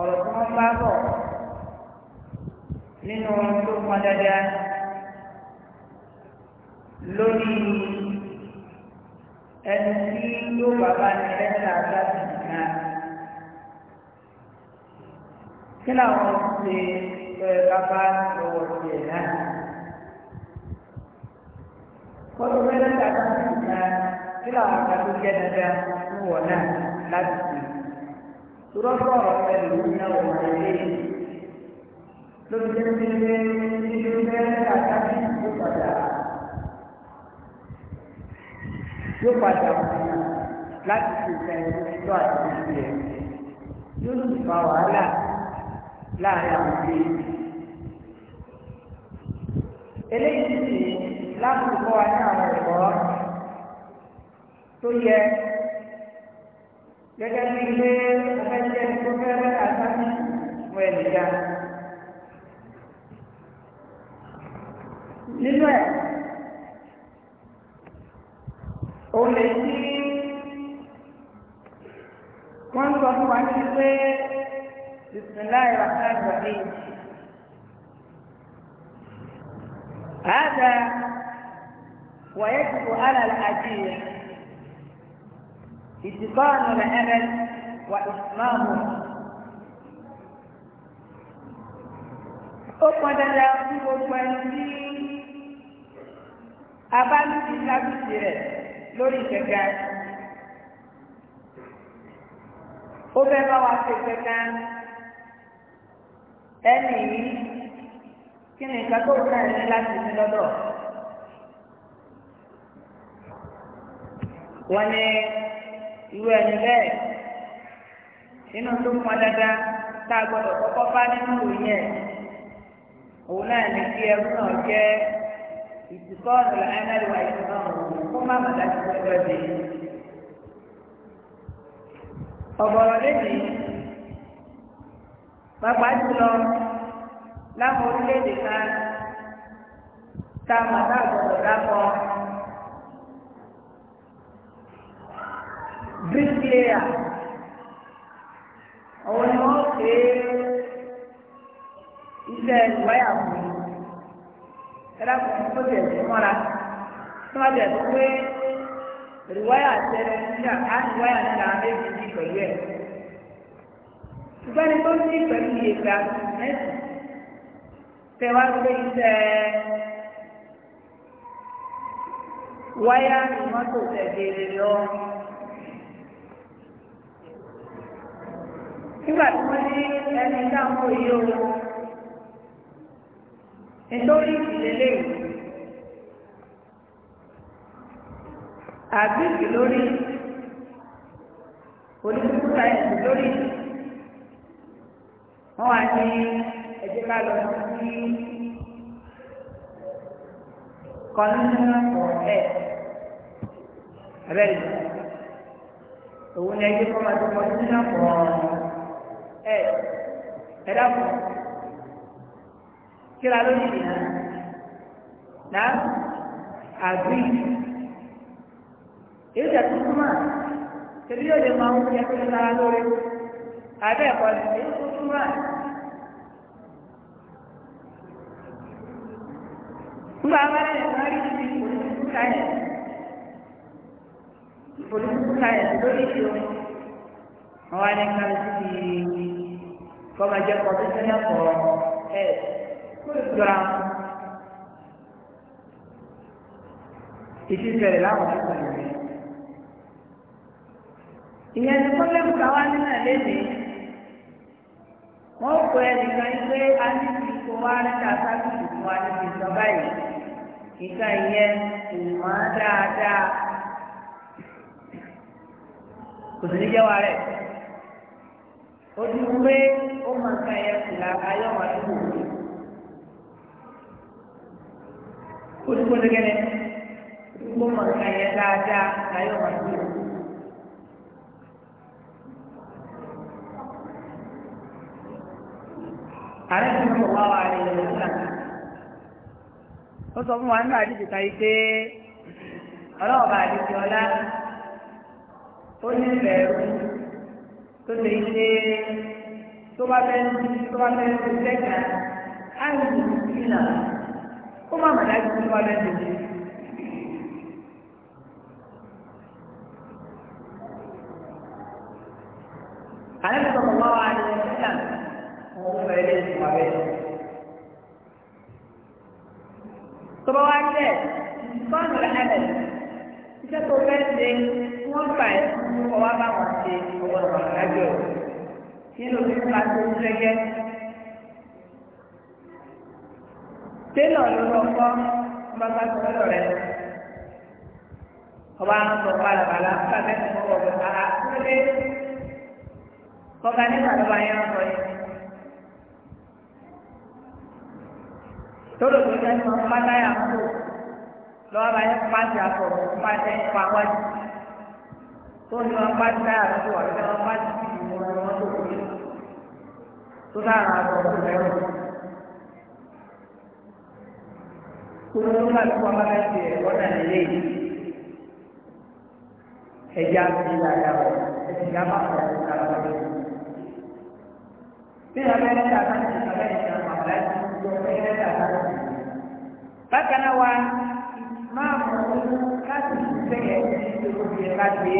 ọ̀rọ̀ tí wọ́n bá bọ̀ nínú ohun tó pọn dandan lórí ẹni tí yóò bàbá ní ẹ̀ka àgbàdo nìkan. kí làwọn ṣe lọ́yẹ̀ bàbá lọ́wọ́ tiẹ̀ náà? kọ́tù mẹ́lẹ́ta kan nìkan kí làwọn àgbàdo jẹ́ dandan ń wọ̀ náà láti ṣe lọ́sọ̀ ẹ̀rù ìyàwó àìlè lórí jẹ́jẹ́ nínú bẹ́ẹ̀ àtàkì yóò padà yóò padà wọ̀nyí láti fi ìfẹ̀yìn tó àti ìfẹ̀ yóò sì fa wàhálà láàrin àwọn ìlú. eléyìí sì láti kọ́ wa ní àwọn ẹ̀kọ́ tó yẹ. gẹ́gẹ́ bí ilé ọ̀fẹ́jẹ́ tó fẹ́rẹ́ àtàkì wọn ènìyàn. nínú ẹ̀ òun lè tí wọ́n ń sọ fún wa ní pé bisimilayi rahman rahim هذا ويجب على الأجير إتقان العمل وإسلامه أقعد يا أبو abáàlùkì lábìsì rẹ̀ lórí ìgbẹ̀gà ó fẹ́ bá wa ṣe gbẹ̀gà ẹnì yìí kí ni nǹkan tó kàn ní láti ní lọ́dọ̀ wọ́n ní. irú ẹni bẹ́ẹ̀ nínú tó pọn dandan tá a gbọdọ̀ kọ́kọ́ bá nínú ìròyìn òun náà ní kí ẹrú náà jẹ́ ọ̀nà wa ìtìkọ́ kó má má dájú pé ọ̀bọ̀rọ̀ pápá jùlọ láwọn orílẹ̀ bricklayer àwọn ni wọ́n pè é iṣẹ́ ìwáyà fún ẹ̀rọ kò tẹ̀ sí mọ́ra tí wọ́n tẹ̀ sí pé ìwáyà tẹ̀lé nígbà á ní wáyà nígbà méjì ní pẹ̀lú ẹ̀ ṣùgbọ́n ní tó ní pẹ̀lú iye gba mẹ́sì tẹ̀ wá pé iṣẹ́ wáyà ni wọ́n tó tẹ̀ dé lọ́wọ́. nígbà tí wọ́n ní ẹni dáhùn òye o nítorí ìdílé àbí ìlórí oníkókó sáyẹ̀nsì lórí wọ́n wá ní ẹ̀jẹ̀ ká lọ sí kọ́nínà ọ̀ẹ́ abẹ́rẹ́ òun ni ẹ̀jẹ̀ kọ́ máa tó kọ́nínà ọ̀ẹ́ ẹ ẹ dákun kíra lórí ìdìnnà náà àgbì èyí tẹ̀ tuntun mà tẹ̀lé yóò lè máa ń yẹ kí n lára lórí abẹ́ ẹ̀kọ́ ni èyí tó tún mà. nígbà wọn lè máa rí ibi olùkú káyẹ̀ olùkú káyẹ̀ lórí ìṣòro àwọn ẹni kan ti di kọ́má jẹ́ kọ́mísánná fọ́ ẹ̀ kó ìjọra ìfífẹ̀rẹ̀ láwọn ọ̀sán rẹ̀. ìyẹn ní pọ́lẹ́mù káwá nínú ẹ̀lẹ́ni wọ́n kọ ẹnìkan yìí pé a ní ti kó wá níta sábìsì fún wa níbi ìjọba yìí ìka ìyẹn ìmọ̀ dáadáa kò sí ní rẹ̀. ojú pé ó máa ka ẹyẹ fìlà ayọ́wà dúró olùkọ́ dẹ́gẹ́dẹ́ ó máa ka ẹyẹ dáadáa ayọ́wà dúró. ààrẹ tí wọn bá wà ní ìlú náà ó sọ fún wa nínú àdìsí kan yìí pé ọlọ́wọ́ àdìsí ọlá ó ní ìbẹ̀rù. tó lè ṣe tó bá fẹ́ tó bá fẹ́ tó lẹ́ka àìsí ìlà ó má mà dájú tó bá fẹ́ tó lè. àlejò tó wá wá ní ìlà òun fẹ́ lè tó wá bẹ́ẹ̀ iṣẹ́ tó fẹ́ ṣe wọ́n gbà ẹ́ fún ọwọ́ bá wọn ṣe ọwọ́ ọ̀rọ̀ lájọ nínú bí wọ́n bá tó ń lẹ́gẹ́. tẹ́lọ̀ ló lọ kọ́ ọba tó lọ rẹ̀ ọba ń sọ ọba bẹ́ẹ̀ ni wọ́n wọ̀ bá a lé kọ́ka tó bá yẹ ọ́ sọ tó lò tó jẹ́ sọ ọba táyà ń lọ́wọ́ bá yẹn pàṣẹ àpò pàṣẹ ìpa wájú tó ní wọn pàṣẹ táyà lọ́wọ́ àti wọn pàṣẹ ìdìbò wọn tó kù yìí tó dára àpò ìlẹ́wọ̀. Kúrò ló bá lọ́wọ́ bá bẹ́ẹ̀ ṣe ẹ̀kọ́ náà nílé yìí. Ẹja ti láyà wọ̀ ẹ̀sìnká máa fọ̀ ọ̀gá lọ́wọ́. Bí abẹ́rẹ́ dàgbà ti abẹ́rẹ́ dàgbà láti lọ abẹ́rẹ́ dàgbà. Bákan náà wá máa mọ̀ ní láti bẹ̀yẹ̀ ní gbogbo ẹ̀ bá dé.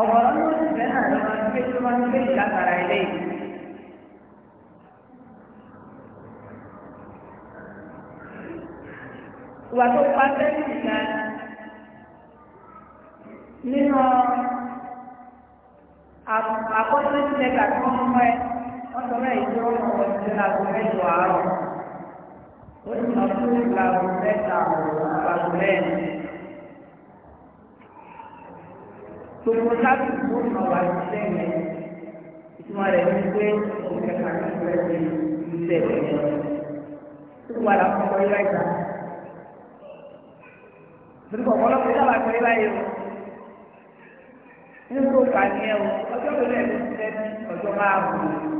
ọ̀gọ̀rọ̀ ló ń bẹ̀rẹ̀ náà ló máa ń gbé tó máa ń gbé ìlàkàrà ilé yìí. ìwà tó pa sẹ́yìn ìgbà nínú àkọsílẹ̀ ìgbà tó ń mọ ẹ wọ́n sọ mẹ́rin tó ń mọ ọ̀sẹ̀ lágbo mẹ́jọ àárọ̀ ó ti lọ sí ìlànà mẹ́ta àgbàdo lẹ́yìn. gbogbo sábì tó ń wà lẹ́yìn ìtumọ̀ rẹ̀ ní pé òun kẹta ní ìfẹ́ ti ń tẹ̀lé yẹn. tó wà lákòókò ìlà ìgbà. torí kọ̀ọ̀kan lọ́kùnrin náà wà pé ìlà yìí o nínú tó kà ní ẹ o ọjọ́ wo lẹ́yìn tó ti tẹ́ ọjọ́ máa wù ú.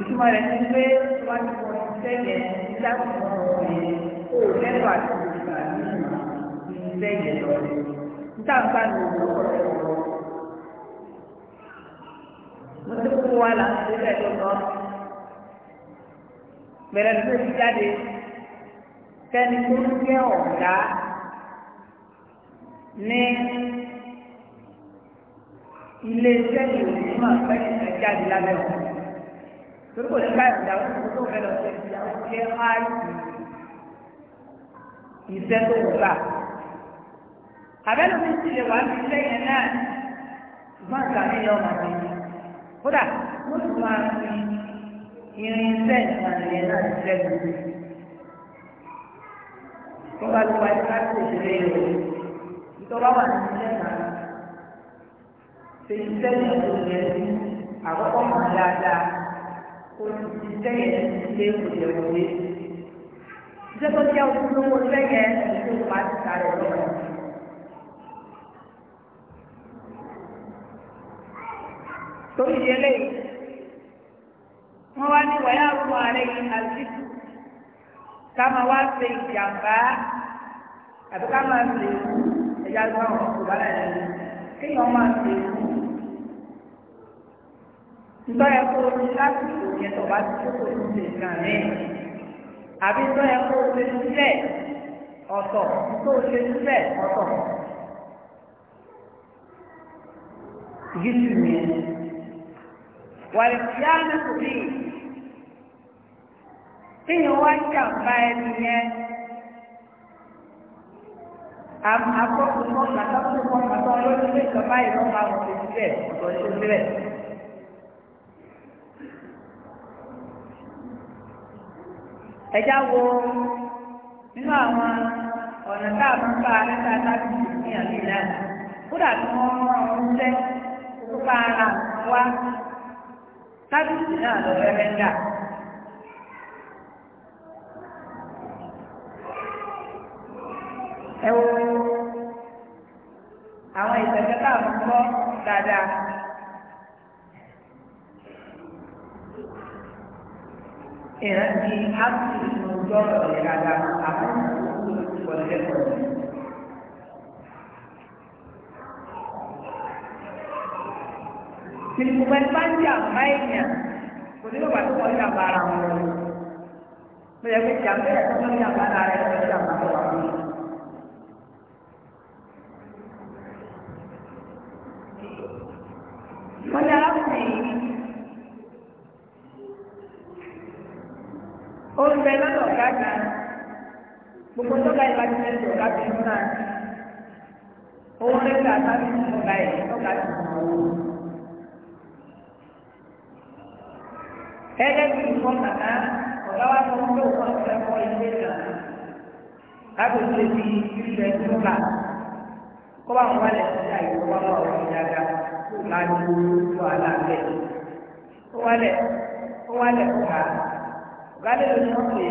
ìtumọ̀ rẹ̀ ni pé wọ́n ti kọ́ sẹ́yẹ láti ọ̀rọ̀ yẹn kó o lẹ́tọ̀ àti ìgbà nínú sẹ́yẹ lọ. níta ń bá mi wọ ọ̀rọ̀ mo ti kó wa là ń sílẹ̀ tó lọ. bẹ̀rẹ̀ ló ti jáde kẹ́ni tó ń jẹ́ ọ̀gá ní ilé iṣẹ́ ìròyìn máa fẹ́ ìfẹ́ jáde lábẹ́ wọn torí kò ní ká ìyàwó tó fẹ́ lọ sí ìyàwó jẹ́ áàyè ìṣẹ́ tó wù gbà. mi ti lè wá sí ilé yẹn náà ṣùgbọ́n àgbà mi yọ ọmọ mi ni kódà wọ́n ti máa fi irin iṣẹ́ ìpàdé yẹn náà ṣiṣẹ́ gbogbo. tó bá lọ wáyé tó ìṣeré yẹn o ìtọ́wá wà ní iṣẹ́ náà ṣe iṣẹ́ yẹn tó yẹ àkọ́kọ́ mọ̀ dáadáa òṣìṣẹ́ yẹn lé òṣìṣẹ́ wọlé. Ìjọba tí a wù lówó lẹ́yẹ ìṣó pàṣípà rẹ̀ lọ́wọ́. Torí ìdílé wọ́n wá ní wọ́yá fún ààrẹ yìí àti káma wá ṣe ìjàmbá àbí káma ṣe ẹ̀yà gbọ́n ọ̀gbọ́n láyé kéèyàn máa ṣe ìlú ntọ́yẹ kó o ní lásìkò yẹn tó bá ti kókò tó ṣe nǹkan rẹ̀ àbí ntọ́yẹ kó o ṣe sílẹ̀ ọ̀tọ̀ tó o ṣe sílẹ̀ ọ̀tọ̀ yíṣu yẹn wàlẹ̀ tí tíyẹn wá jàǹbá ẹni yẹn àkókò mọ́ta tó kọ́ mọ́ta lórí ilé ìjọba ìlú máa wọ̀ sílẹ̀ ọ̀tọ̀ sílẹ̀. ẹjá wo nínú àwọn ọ̀nà tá a máa ń bá nígbà tá a ti ní àlè lánàá kódà tí wọ́n mú àwọn oúnjẹ tó bá ara wá tábìlì náà lọ rẹ́rẹ́ dà. ẹ wo ìrántí áàpù ìṣòjọ́ ọ̀rẹ́ dada àbúrò ìwọlẹ́kọ̀ọ́. Tìlùmọ̀ ẹgbẹ́ ń jà bá èèyàn kò ní bàbá tó kọ́ ní àbá ara wọn lọ. Mo yẹ kó jà ń bẹ̀rẹ̀ tó ní àbá ara rẹ̀ kọ́ ní àbá tó wà Wọ́n ní arákùnrin yìí. ó ń bẹ lọ́dọ̀ ọ̀gá gbogbo tó na láti mẹ́tò ọ̀gá kan náà owó lẹ́sẹ̀ àtàkùn ọ̀gá yìí ọ̀gá ti mọ̀ ọ́. ẹgbẹ́ tí ìfọ́ kàkà ọ̀gá wa fọ́ pé òun ọ̀sẹ̀ ẹ̀kọ́ ilé kan agbègbè ti tó kó bá wọn wálé sí wọn ọ̀rọ̀ láti wọ́n tó gálẹ́ ló ní wọ́n pè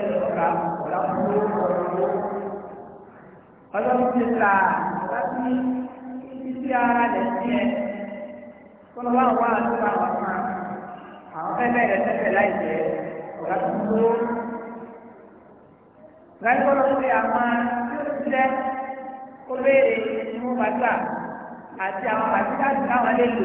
é ọ̀gá ọ̀gá fún owó ọlọ́run ti ta láti títí ara rẹ̀ sí ẹ kọ́nà bá wà lóra wà fún àwọn fẹ́ bẹ̀rẹ̀ tẹ́tẹ̀ láì jẹ́ ọ̀gá fún owó gálẹ́ kọ́nà pé àwọn tí ó ti lẹ́ kó béèrè ní wọ́n bá gbà àti àwọn àti láti láwọn lè lò.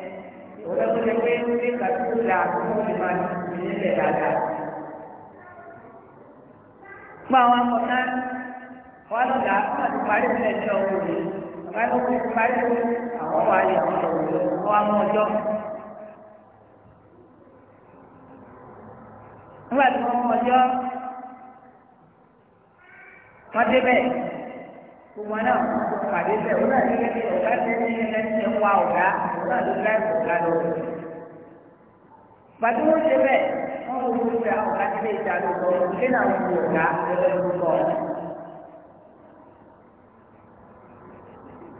òwe tó lè pé ní kàtúkù là kó lè máa ti nílẹ̀ dáadáa. Gbọ́ àwọn akọ̀tá wọn lọ là wọn ti parí ìpínlẹ̀ ní ọ̀hún òní. Bàbá tó kú parí àwọn wà lè àwọn ọ̀hún ọ̀hún àwọn ọjọ́. Nígbà tí wọ́n mú ọjọ́, wọ́n débẹ̀. gbogbo àná pàdé bẹ́ẹ̀ ó náà nílé ní ọ̀gá tẹ́ ní ilé ní ń wa ọ̀gá náà ló dá ọ̀gá lọ. pàdé wọ́n ṣe bẹ́ẹ̀ wọ́n mú owó ìgbà ọ̀gá tí lè dá kí náà wọ́n mú ọ̀gá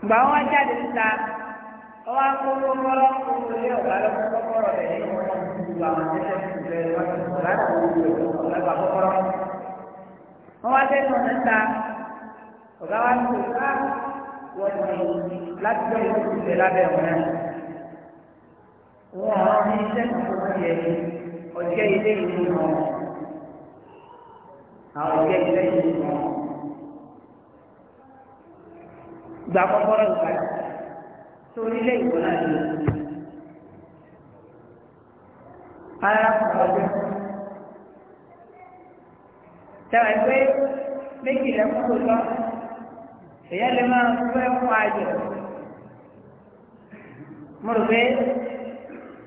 gbà jáde lé ọ̀gá rẹ̀ wọ́n ọ̀gá wa ti ká wọ́n ti láti gbọ́ ìlú ìṣẹ̀lẹ̀ lábẹ́ wọn náà. Wọ́n àwọn ní iṣẹ́ tuntun ti yẹ ní ọ̀jẹ́ ilé ìlú wọn. Àwọn ọ̀jẹ́ ilé ìlú wọn. Gba kọ́kọ́rọ́ ìgbà torí ilé ìwọ náà ni. Ara kọ̀ọ̀kan ọjọ́. Tẹ̀wọ̀n pé méjìlá kúrò lọ́wọ́. èyàn lè máa fẹ́ fún ayọ̀ mo rò pé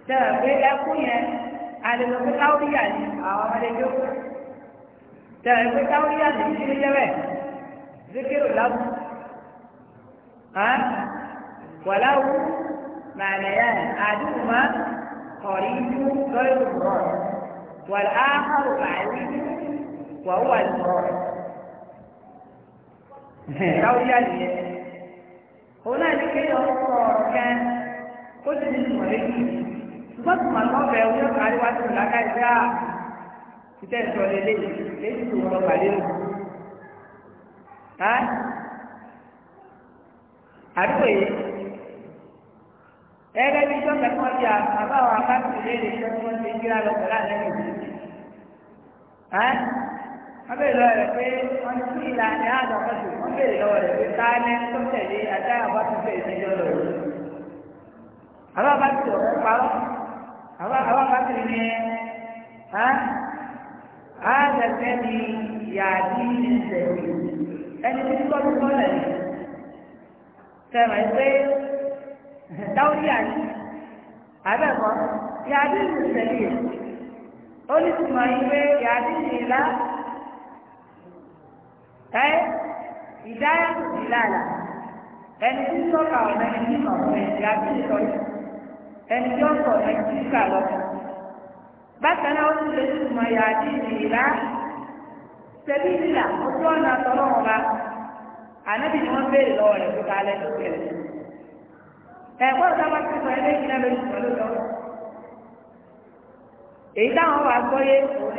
dára pé ẹkú yẹn alèlò pé káwíyà ni àwọn ọmọdé tó dára pé káwíyà ni kí ló yẹ bẹ́ẹ̀ zikiru labu wàláwù mànìyà àdúgbò kọ̀ọ̀rìndú lọ́yọ̀ bùrọ̀ wàláhàrù àìrí wàhùwà lùrọ̀. láwùjá nìyẹn òun náà ní kéèyàn sọ ọ̀rọ̀ kan kó sì ní ìmọ̀ lẹ́yìn ṣùgbọ́n tó máa lọ́ọ̀bẹ̀ wọ́n kárí wá sí ìlàkà ìgbà ìtẹ́ ìsọ̀rọ̀ eléyìí lẹ́yìn tó lọ gbàlẹ́ lò. àdúgbò wọ́n bèèrè lọ́wọ́ rẹ̀ pé wọ́n ti ìlà ní àádọ́ kọ́sù wọ́n bèèrè lọ́wọ́ rẹ̀ pé ká ní tó tẹ̀lé ajá àbá tó fẹ́ ìṣẹ́jọ́ lọ rẹ̀. àbá bá ti ọ̀rọ̀ parọ́ àbá bá ti ní ẹ́ àádẹ́sẹ́ ni yàdí ìṣẹ̀ ẹni tí tọ́jú tọ́lẹ̀ sẹ́wọ̀n pé dáwọ́dí àti àbẹ̀kọ́ yàdí ìṣẹ̀lẹ̀ ó ní tùmọ̀ yìí pé yàdí ìṣẹ̀lẹ̀ ẹ ìdáyà tó ti láàlà ẹni tí sọ́kà ọ̀nà ẹni tí ọ̀nà ẹni tí a ti sọ yìí ẹni tí ọ̀sọ̀ ẹni tí kà lọ. bákan náà ó ti lè túmọ̀ yà á di ìlà tẹ̀lé ìlà ojú ọ̀nà àtọ̀nà ọba ànábì ni wọ́n béèrè lọ́wọ́ rẹ̀ tó ta alẹ́ tó kẹ̀lẹ̀. ẹ̀kọ́ ìjọba ti sọ ẹlẹ́yìn náà lórí ìtọ́lódọ́ èyí táwọn wà gbọ́yé òun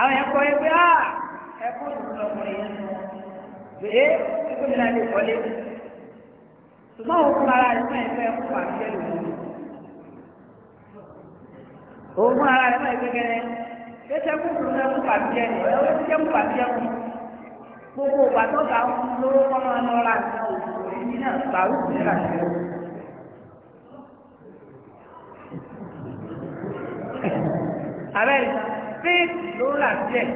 àwọn ah, yẹn kọ́ eh, ẹgbẹ́ à ẹkún ìdúlọ́kùnrin yẹn nù bẹ́ẹ̀ ẹkún mi láti kọ́lé ṣùgbọ́n òun fún ara rẹ̀ fún ẹgbẹ́ ẹkún pàṣẹ lòdì òun fún ara rẹ̀ fún ẹgbẹ́ gẹ́gẹ́ kẹsẹ̀ kún fún ẹkún pàṣẹ ni ẹwọ́n ti jẹ́ kún pàṣẹ kù gbogbo ògbà tó bá ń lówó kọ́nà lọ́la àti òṣèlú yìí náà gbàrú ìlera ìlera. abẹ́rẹ́ méjì ló rà sílẹ̀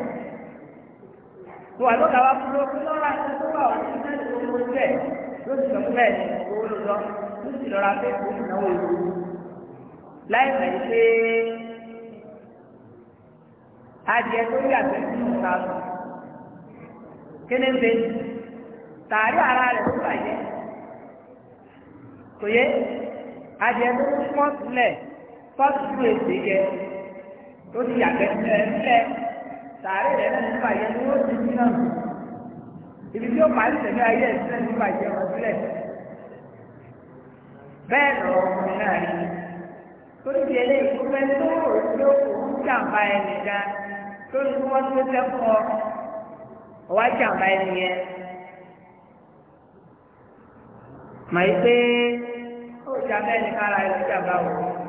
tó wà lọ́dà wa fún lọ́kùn lọ́ra tó wà wà ní sẹ́yìn tó lọ́wọ́ sílẹ̀ ló sì lọ́kùn bẹ́ẹ̀ ni owó ló lọ ló sì lọ́ra pé kò ní náwó ìlú láì mọ̀ pé adìẹ tó yà bẹ́ẹ̀ sínú ìta lọ kéde ń tààrí ara rẹ̀ tó bàjẹ́ kò yẹ adìẹ tó ń pọ́n sílẹ̀ pọ́n sílẹ̀ èsì yẹ tó ti yàgbẹ́ ńlẹ̀ sàárè rẹ̀ náà nípa yẹn ni ó ti ní náà ibi tí ó parí tẹ̀lé ayé ẹ̀sìn nípa ìjẹ́ wọn sílẹ̀ bẹ́ẹ̀ lọ́wọ́ ọkùnrin náà rí torí ti eléyìí kó fẹ́ tó rò tí ó kò ń jàǹbá ẹnì gan tó ní kí wọ́n tó tẹ́ fún ọ ọwá jàǹbá ẹnì yẹn màá yí pé ó jàǹbá ẹnì kára ẹnì jàǹbá òun.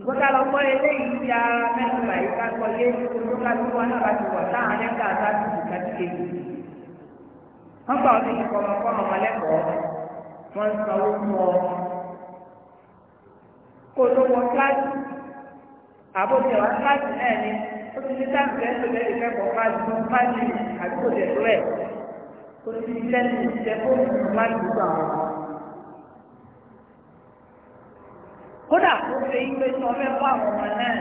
ìgbọ́ta lọ gbọ́ eléyìí ti ara mẹ́rin báyìí ká gbọ́ yé tó ká wọn náà ti wọ̀ táwọn wọ́n gbà ọdún yìí wọ́n fún ọ. kó ló wọ kíláàsì kíláàsì náà ni ó ti ní tó lẹ́yìn kẹ́kọ̀ọ́ kíláàsì fún kíláàsì àdúgbò kó ti ní sẹ́ni kódà kó ṣe ipe tí wọn fẹ́ kó àwọn ọmọ náà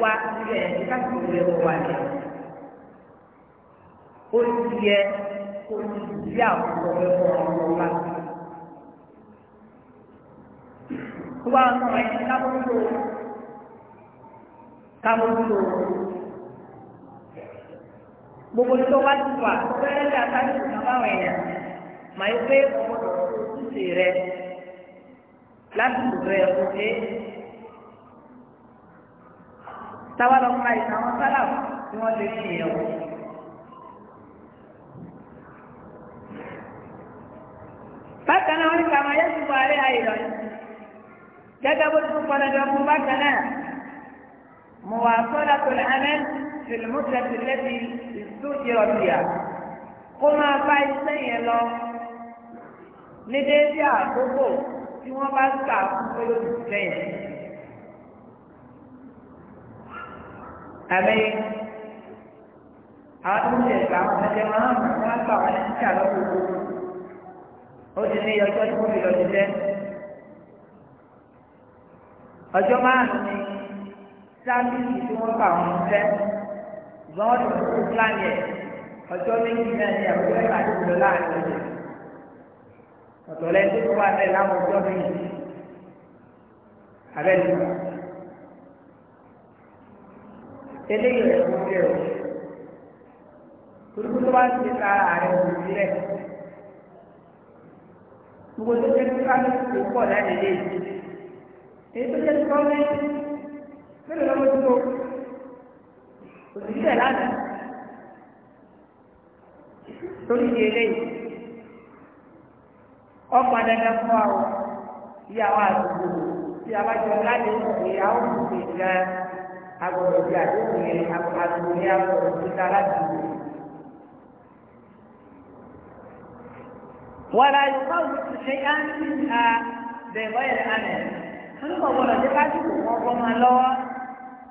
wá sílẹ̀ káàkiri ìwé wọn wà lẹ ó ti yẹ kó ti sí àwọn ọmọ ẹ̀kọ́ ọmọ wa kó wá ọmọ ẹ kábọ̀tò kábọ̀tò gbogbo tó wá ti wà fẹ́rẹ́ dàgbà ìṣúná báwọn èèyàn màá yẹ pé ọmọ tó ti ṣe láti ìgbẹ́ ẹ̀kọ́ ṣe é. táwa lọ ka ìtàn àwọn sálà tí wọ́n lè ṣe ẹ̀wọ̀. bákan náà wọ́n ní kàmá yẹ́sù bọ̀ àárẹ̀ ayé lọ gẹ́gẹ́ bó ti tún pọn fún bákan náà mo wà sọ́dà tó lè hánẹ́ fìlìmù tẹ̀sí lẹ́bi ìsúdì ọ̀bìà kó máa bá iṣẹ́ yẹn lọ ní déédéé àkókò tí wọ́n bá ń kà fún pé ó ti sẹ́yìn. Àmì àwọn tó ń ṣe ìgbà àwọn ọmọdé máa ń mú wọn gbà wọn ní ìjà lọ́wọ́ gbogbo. Ó ti ní ọjọ́ tí wọ́n fi lọ jíjẹ́. Ọjọ́ márùn-ún ni sábìlì tí wọ́n gbà wọn jẹ́. Ìgbọ́n wọn ti kú fúlàní ẹ̀. Ọjọ́ méjì náà ni àwọn ọmọdé máa ń lò láàrin ọ̀tọ̀ lẹ́yìn tó kọ́ bá tẹ̀ láwọn ọjọ́ mi abẹ́lẹ̀ eléyìí rẹ̀ kó jẹ́ o torí tó bá ń ṣe sára rẹ̀ kò sí rẹ̀ gbogbo tó jẹ́ kí ká ló ti pọ̀ láti lé èyí tó jẹ́ kí wọ́n lé mélòó lọ́wọ́ tó kò sí torí di eléyìí ọ̀pọ̀ dandan fún àwọn ìyàwó àdúgbò tí a bá jọ láti ìyàwó òkùnkùn ìgbà agbọ̀dọ̀ bí àdúgbò yẹn àdúgbò yẹn agbọ̀dọ̀ tó ta láti ìlú. wọ́n ayọ̀ báwo ti ṣe á ń sìn ká bẹ̀rẹ̀ bọ́yẹ̀ lánàá wọ́n ní ọ̀gbọ́dọ̀ tí lásìkò wọn kọ́ máa lọ́wọ́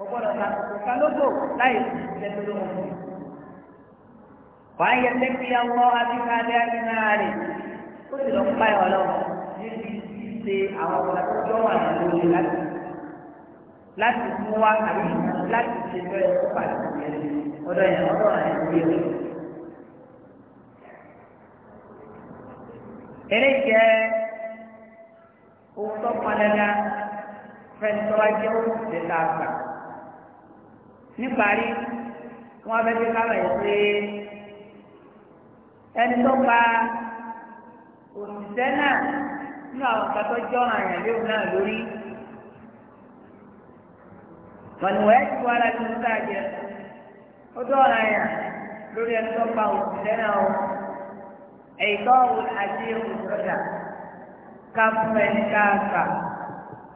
ọ̀gbọ́dọ̀ lásìkò kan lóko láì tẹ́tẹ́ lóhùn. wàá yẹ tẹ́kí ọmọ abíkálẹ̀ àdínárì ó sì lọ pa ẹ̀ ọlọ́run níbi ṣíṣe àwọn ọmọ tó jọ wà lórí láti láti mú wá àbí láti ṣe bẹ́ẹ̀ ó pàdé ọ̀dọ̀ yẹn ọ̀dọ̀ yẹn ń gbé o. eré jẹ́ ohun tó pọn dandan fẹ́ntọ́wá jẹ́ òṣìṣẹ́ tá a gbà. níparí wọ́n fẹ́ fi káwọn ẹ̀ pé ẹni tó pa. òṣìṣẹ́ náà nínú àwọn kan tó lori, àyàn léwu náà lórí mọ̀nìwẹ́ ti wá láti mú sáàjẹ́ ó dọ́ràn àyàn lórí ẹni tó pa náà o èyí tó wù àti ká fún ẹni káàkà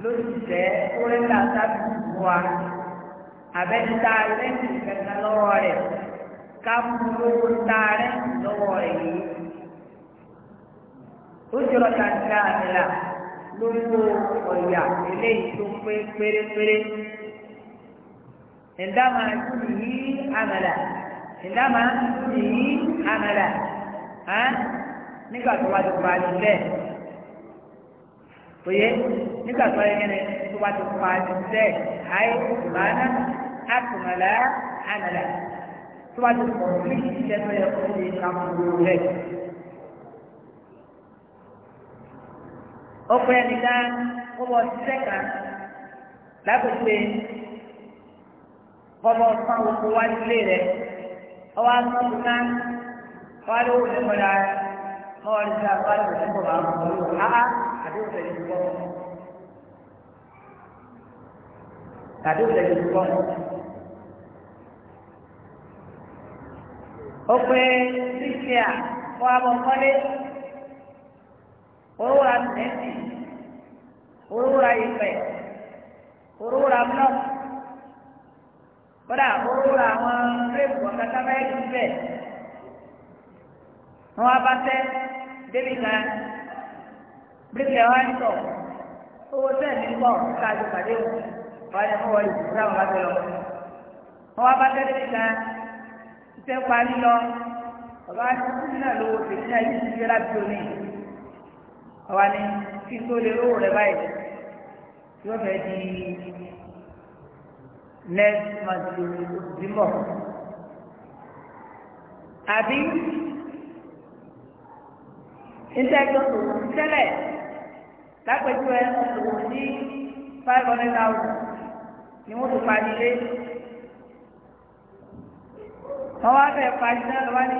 lóṣìṣẹ́ ó àbẹ́ni tá a lẹ́yìn lọ́wọ́ rẹ̀ ká fún lówó ojúlọ́ta dáadáa lórí ọ̀yà eléyìí tó pé pérépéré. عندما تنهي عملا عندما تنهي عملا nígbà tó bá ti parí bẹ́ẹ̀ tó yẹ nígbà tó yẹ kẹ́ni tó bá ti parí bẹ́ẹ̀ ayé ìmọ̀lá àtùmọ̀lá àmàlà tó bá ti pọ̀ tó yẹ kó ọkọ ẹnìkan kó bọ ṣiṣẹ́ kan lágbègbè kọ́bọ̀ fún gbogbo wá sílé rẹ̀ ọwọ́ àtúntò náà wọ́n á lówó ní mọ́ra ọwọ́ ní sáà wọ́n á lówó ní mọ́ra ọwọ́ ní mọ́ra àti òfin tàbí òfin à owó ra mẹ́tì owó ra ìfẹ́ owó ra mọ́ kódà owó ra àwọn rẹ́pù ọ̀kadà bá yẹn bẹ̀ wọ́n á bá tẹ́ débi kan bíríkẹ̀ wá ń tọ̀ owó tẹ̀ mí pọ̀ káàdì pàdé wọ́n á yẹ kó wọlé ìdúrà wọn bá tẹ lọ wọ́n bá tẹ́ débi kan ìṣẹ́ parí ọba àti sísè náà lówó tèmi náà yìí ti yẹra bí omi àwa ni kí n tó lè rówó rẹ báyìí yóò fẹ́ di next month bímọ àbí ìtẹ́jọ́ tó ń tẹ́lẹ̀ lápẹ̀jú ẹ òwò ní five hundred thousand ni wọ́n tó parí lé wọ́n wá fẹ́ parí náà lọ́wọ́ ní.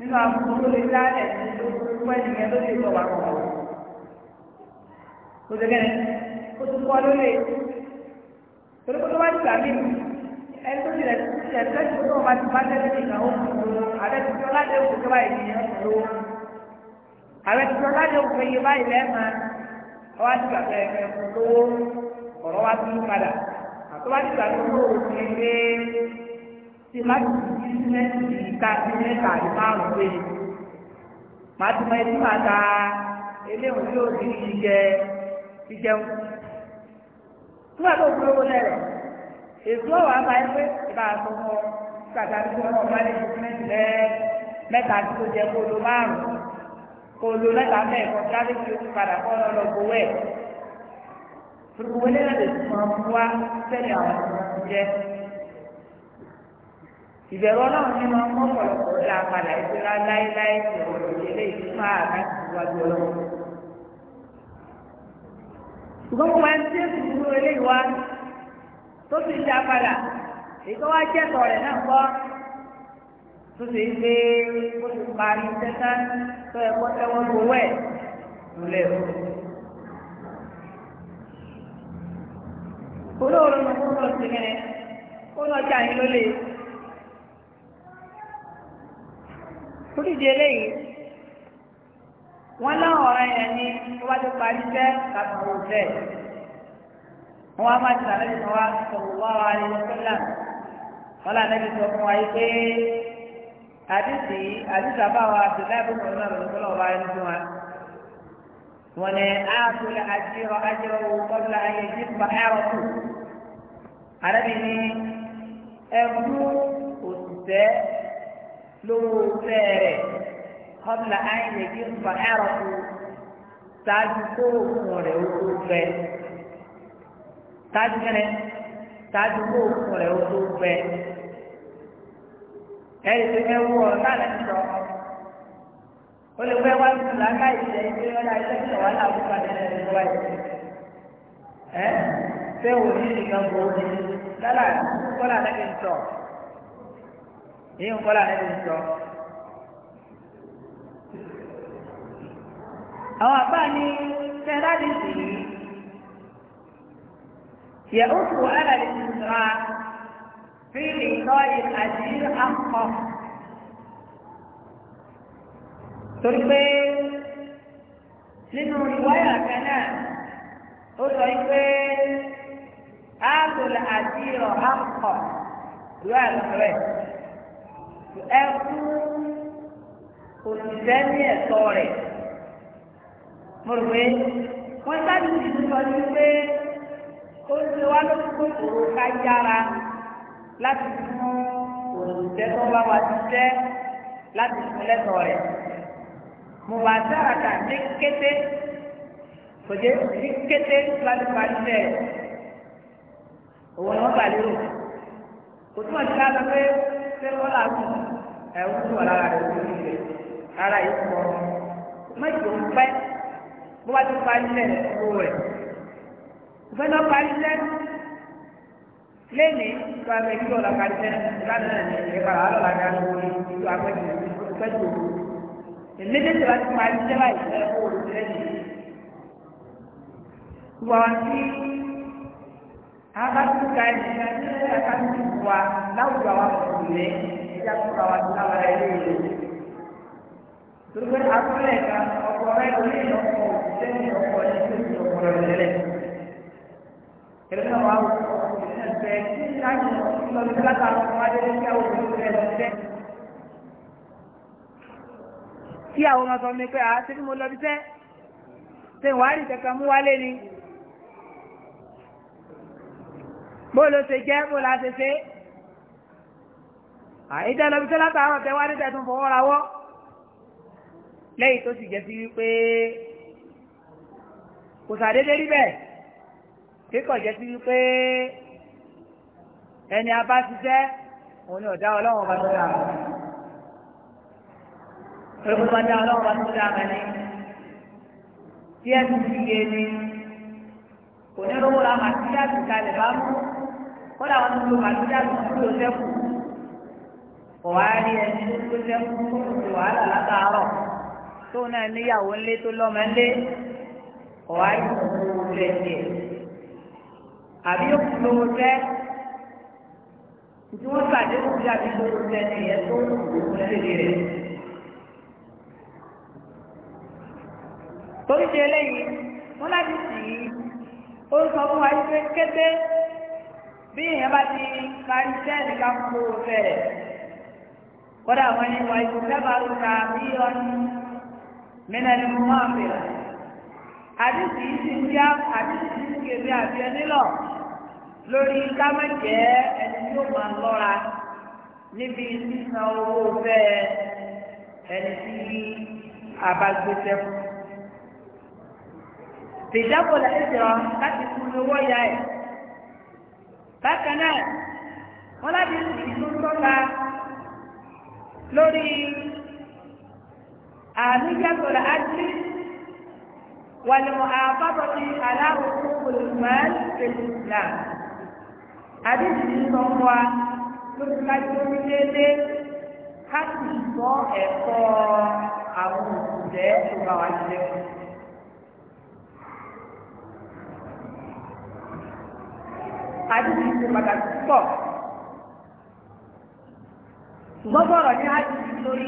nínú àbúrò tó lè dálẹ̀ fún ẹnìyẹn tó lè sọ̀wà kọ̀ kò tẹ̀lé kó tó kọ́ ló lè torí kó tó wá ti gbàgbé ẹni tó tilẹ̀ tilẹ̀ tó ti tó wá ti bá tẹ̀lé nìkan ó kù lówó àbẹ̀tí tó ládé òkú tó báyìí nìyẹn kù lówó àbẹ̀tí tó ládé òkú iye báyìí lẹ́ẹ̀ma ọwá ti gbàgbé ẹ̀fẹ̀ kù lówó ọ̀rọ̀ wá tún padà àtọ́wá ti gbàgbé owó òkú ẹgbẹ́ tí má ti di símẹ́ǹtì ká sí mẹ́ta àti márùn-ún pé má ti mọ ẹtí máa ta eléwọ̀n tí ó di ìjẹ jíjẹun. Nígbà tó gbé owó èso ọ̀wà bá ẹ pé ìbá àtọ́ mọ́ kàtà tí wọ́n mọ̀ máa lè di símẹ́ǹtì mẹ́ta tí ó jẹ kó márùn-ún kó lo mẹ́ta mẹ́ẹ̀ kọ́ sáré tí ó padà kọ́ lọ lọ gbowó ẹ̀. Gbogbo eléyàwó ti mọ̀ wá sẹ́yìn àwọn ọmọ ìbẹ̀rù ọlọ́run ní máa ọ̀pọ̀lọpọ̀ dá a padà ìṣẹ́ra láéláé ìṣòro ìṣẹ̀lẹ̀ ìṣúná àkáǹtì ìwájú ọlọ́run. ṣùgbọ́n mo máa ń tẹ́ ìṣòro eléyìí wá tó sì dá padà èyí tó wá jẹ́tọ̀ rẹ̀ náà kọ́ tó ṣe ń gbé ó parí tẹ́tà tó ẹ̀kọ́ tẹ́wọ́n gbowó ẹ̀ lulẹ̀ o. olóòórùn ló kó lọ sí kẹ́rẹ́ kó lọ torí di eléyìí wọ́n láwọn ọ̀rọ̀ yẹn ní wọ́n parí iṣẹ́ kàtàkùn bẹ́ẹ̀ wọ́n á máa tẹ̀lé ní wa sọ̀rọ̀ wá na ní sọ́là wọ́n là nẹ́bí sọ fún wa yìí pé àdìsí àdìsí fún wa. wọ́n ní àkùlẹ̀ àjẹrọ àjẹrọ ayé àdàbí ni òṣìṣẹ́ lówó fẹ́ẹ̀rẹ̀ kọ́bùlà àyìnlẹ̀ bí nǹkan ẹ̀rọ kù kó òkun rẹ̀ owó fẹ́ ṣáájú kẹ́rẹ́ ṣáájú kó òkun rẹ̀ owó fẹ́ ẹ̀rí pé ẹ wú sọ wàhálà wáyé fẹ́ wò ní èyí ń kọ́lá ẹni sọ. àwọn àbá ni tẹ́ládìsì yìí yẹ ó kú alàdìsì sọ́ra fi ìtọ́ àdìrí akọ. torí pé nínú ìwáyà kan náà ó sọ pé áàlù àdìrí akọ ìwáyà lọ́rẹ́ ẹ fún òṣìṣẹ́ ní ẹ̀tọ́ rẹ̀ mo rò pé wọ́n sábà ti sọ ní pé ó ṣe wá lórí kòkòrò ká yára láti fún òṣìṣẹ́ tó bá wa ṣiṣẹ́ láti fún lẹ́tọ̀ọ́ rẹ̀ mo bá sára kà ní kété kò dé ní kété láti fa iṣẹ́ òun ni wọ́n gbà lérò kò túmọ̀ sí ká pé ṣé kọ́lá kù ẹ̀rù tó wà lára rẹ̀ lórí rẹ̀ ara yìí pọ̀ mẹ́jọ ń pẹ́ bó bá ti parí lẹ̀ kó rẹ̀ ìfẹ́ náà parí lẹ́ lẹ́ni tó abẹ́ kí ọ̀la parí lẹ́ lánàá ní ìpàrọ̀ àlọ́ làdá lórí ìlú abẹ́jọ ìpẹ́jọ ìlédè tó bá ti parí lẹ́ báyìí lẹ́ kó rẹ̀ lẹ́yìn. Wọ́n ti abatuka ẹnìyà ní akadu wa láwùjọ àwọn ọmọdé ẹjá kúkà wa ti láwọn ẹlẹ yìí tuntun akúlẹ̀ ká ọkọ rẹ lórí ọkọ òṣìṣẹ́ ọkọ rẹ tó ti ọkọ rẹ lẹ́lẹ̀ ẹlẹ́nu wa òṣìṣẹ́ ẹ̀fẹ́ tí láti lọ́dún tí láti àwọn ọmọdé ní kí àwọn òṣìṣẹ́ ẹ̀fẹ́ tí àwọn ọmọ sọ mi pé àá ṣe kí mo lọ bí sẹ́ ṣe wàá rí kẹ̀kẹ́ mú wálé ni. bó ló ṣe jẹ́ bó la ṣe ṣe àìjẹ́ lọ́bi tó látàárọ̀ tẹ wá níta tún fọwọ́ rawọ́ lẹ́yìn tó sì jẹ́ sí wípé kò sàdédé rí bẹ́ẹ̀ kíkọ̀ jẹ́ sí wípé ẹni abá ṣiṣẹ́ òun ni ọ̀dá ọlọ́wọ́n bá tó dà mọ́ pẹ̀lú bá dá ọlọ́wọ́n bá tó dà mọ́ ni tí ẹ̀sùn ti yé ni kò ní rówó ra màtí láti kalẹ̀ bá mú kódà wọn tó àdúrà tó tó sẹ́kù ọ̀wá rí ẹni tó sẹ́kù tó tó wàhálà látàárọ̀ tó náà níyàwó ńlé tó lọ́mọ ńlé ọ̀wá rí tó tó ẹ̀jẹ̀ àbí òkú lówó sẹ́ tí wọ́n gbàdé kó bí àbí tó tó sẹ́ni yẹn tó tó tó sẹ́ni rẹ̀. torí ṣe eléyìí wọn láti sì í ó sọ fún wa yí pé kété bí èèyàn bá ti ka iṣẹ́ nìkan kó o fẹ́ rẹ̀ kódà wọn ni wà ìlú sábà ń ka mílíọ̀nù mẹ́nàlì mọ́ àbẹ̀rẹ̀ àdìsí yìí ti ń já àdìsí yìí ti kébé àbíọ́ nílọ̀ lórí kámẹ́jẹ́ ẹni tí ó máa lọ́ra níbi sísan owó fẹ́ ẹni tí àbágbéṣẹ́ fún. Tèjábọ̀ lẹ́yìn jọ láti fún owó ya ẹ̀ bákan náà wọ́n láti ìlú tọ́ka lórí àmìjàgbọ̀lá ájí wàlùmọ̀ àpapọ̀ ti aláwọ̀ olùmọ̀ọ́lù pẹ̀lú islam àdéjì sọ fún wa lórí kájú orílẹ̀-èdè ká sì gbọ́ ẹ̀kọ́ àwọn òṣìṣẹ́ tó bá wà sílẹ̀ àdìsí ṣe pàtàkì pọ̀ gbogbo ọ̀rọ̀ ní àdìsí lórí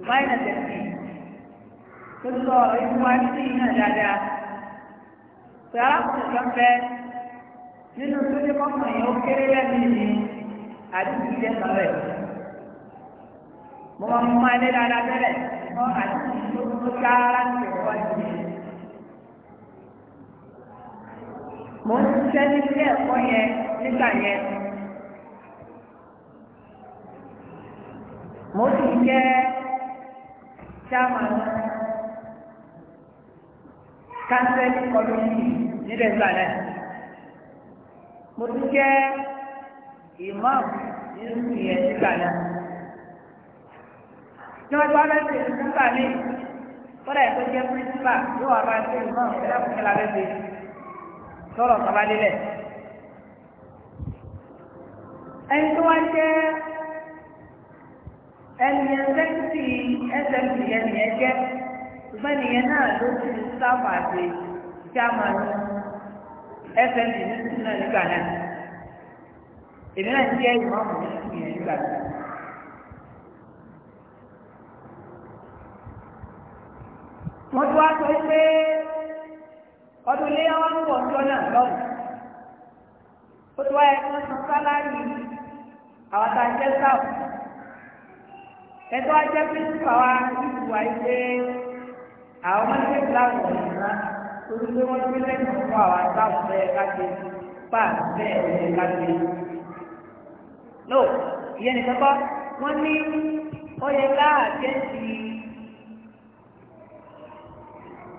ìbáyìí tẹ̀sí tó sọ ọ̀rọ̀ yìí wá sí iná dáadáa pé arákùnrin kan fẹ́ nínú tó dé kọ́kàn yẹn ó kéré lẹ́nu ní àdìsí jẹ́ sọ̀rọ̀ mo máa mú máa lé dáadáa bẹ́rẹ̀ mọ́ àdìsí tó tó sáárá ti wọ́n ti mo ń ṣiṣẹ́ ní ilé ẹ̀kọ́ yẹn nígbà yẹn mo sì jẹ́ chairman council committee nílẹ̀ ìgbà náà mo ti jẹ́ imam nínú ìyẹn nígbà náà ní wọ́n ti wá mi kọ́dà ẹ̀kọ́ jẹ́ principal yóò wá bá ṣe imam ẹ̀dá kò kẹ́lá sọ̀rọ̀ kaba lílẹ̀ ẹni tó wá jẹ́ ẹnìyẹn sẹ́kítì smp ẹnìyẹn jẹ́ ṣùgbọ́n ẹnìyẹn náà ló ti sáfà àti chairman smp ní sísun náà nígbà náà èmi náà jẹ́ ìmọ̀ọ́mù ní sísun nígbà náà. wọ́n tún wá sọ pé ọdún iléyà wọn pọ̀ sí ọ̀nà lọ́wọ́ ó ti wáyé kí wọ́n san sálárì àwọn tá a jẹ́ sáwọ̀ ẹ̀tọ́ ajẹ́ pírísìpà wa ìlú wa ilé àwọn ọmọ ilé ìlànà ìlànà torí pé wọ́n gbé lẹ́yìn fún àwọn àtàwọn ọ̀fẹ́ káṣe páàkì bẹ́ẹ̀ ọ̀fẹ́ káṣe. lò ìyẹn nìkan kọ́ wọ́n ní ó yẹ ká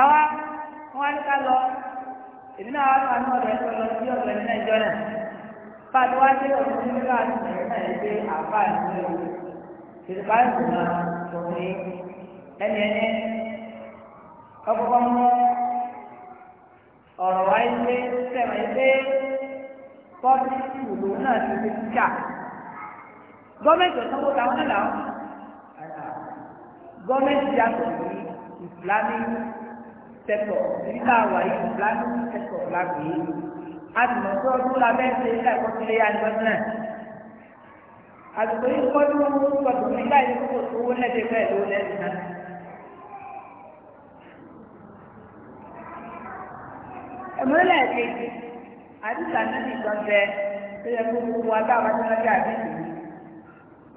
àwa wọn á ká lọ èmi náà wà fún àwọn ọ̀dọ́ lọ sí ọ̀dọ́ ẹ̀mí náà ìjọ náà fáàdì wá dé ọ̀dọ́ ẹ̀mí náà àti ẹ̀mí náà yẹn pé àbá ìlú ìrìbá ìgbìmọ̀ ọ̀rẹ́ ẹni ẹni pé pé náà ti fi kíkà táwọn náà gọọmenti yàtọ̀ sí sẹ́tọ̀ ibi tá a wà yìí adùnmọ̀ tó ọdún la ṣe ilé ẹ̀kọ́ tilé ya nígbà náà àdùgbò yìí kọ́dún kọ́dún nígbà yìí kókò owó lẹ́dẹ̀ bẹ́ẹ̀ lẹ́dẹ̀ náà. ẹ̀mọ́lẹ̀ kejì àdìsá náà ti gbọ́n tó yẹ kó gbogbo wa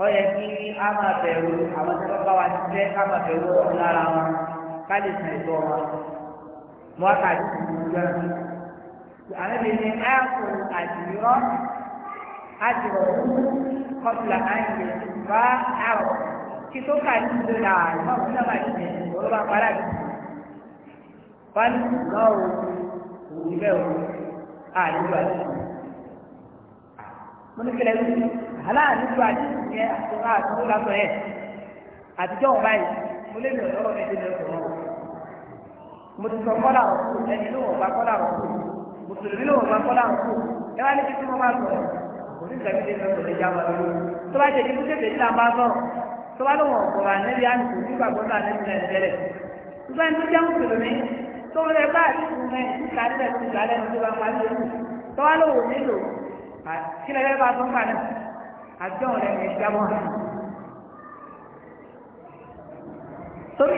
ọyẹ kí bẹ̀rù àwọn tó bá wa ti jẹ́ mọ́ta ti ti wù lọ́nà. Àlejò ni ẹ̀kú àdìrọ́ àdìrọ́ kọ́pìlà àyè bá àrọ̀ kí tó kà ní ìlú là àlọ́ òun náà bá ti tẹ̀ ọ̀rọ̀ bá pará jù. Wọ́n ní ìlú ọ̀hún òun bẹ́ẹ̀ o àlejò àti mo ní kílẹ̀ wí aláàlejò àti ìyẹn àti ọ̀rọ̀ àti ọ̀rọ̀ àtọ̀ yẹn àtijọ́ wọn mo lè lọ sọ́rọ̀ mi dé ní ọ̀rọ̀ mo ti sọ kọ́lá ọ̀kú ẹni ló wọ̀ bá kọ́lá ọ̀kú mùsùlùmí ló wọ̀ bá kọ́lá ọ̀kú ẹ wá níbi tí mo máa sọ̀rọ̀ onígbàgbé lè sọ tòlẹ́ jáwọ́ lórí tó bá jẹ̀bi kúkẹ́kẹ́ tí a máa sọ̀rọ̀ tó bá lóun ọ̀gbọ̀rọ̀ ànẹ́bí àmì nígbàgbọ́ náà ànẹ́bí náà tẹ́lẹ̀ tó ẹni tó jẹ́ mùsùlùmí tó rẹ bá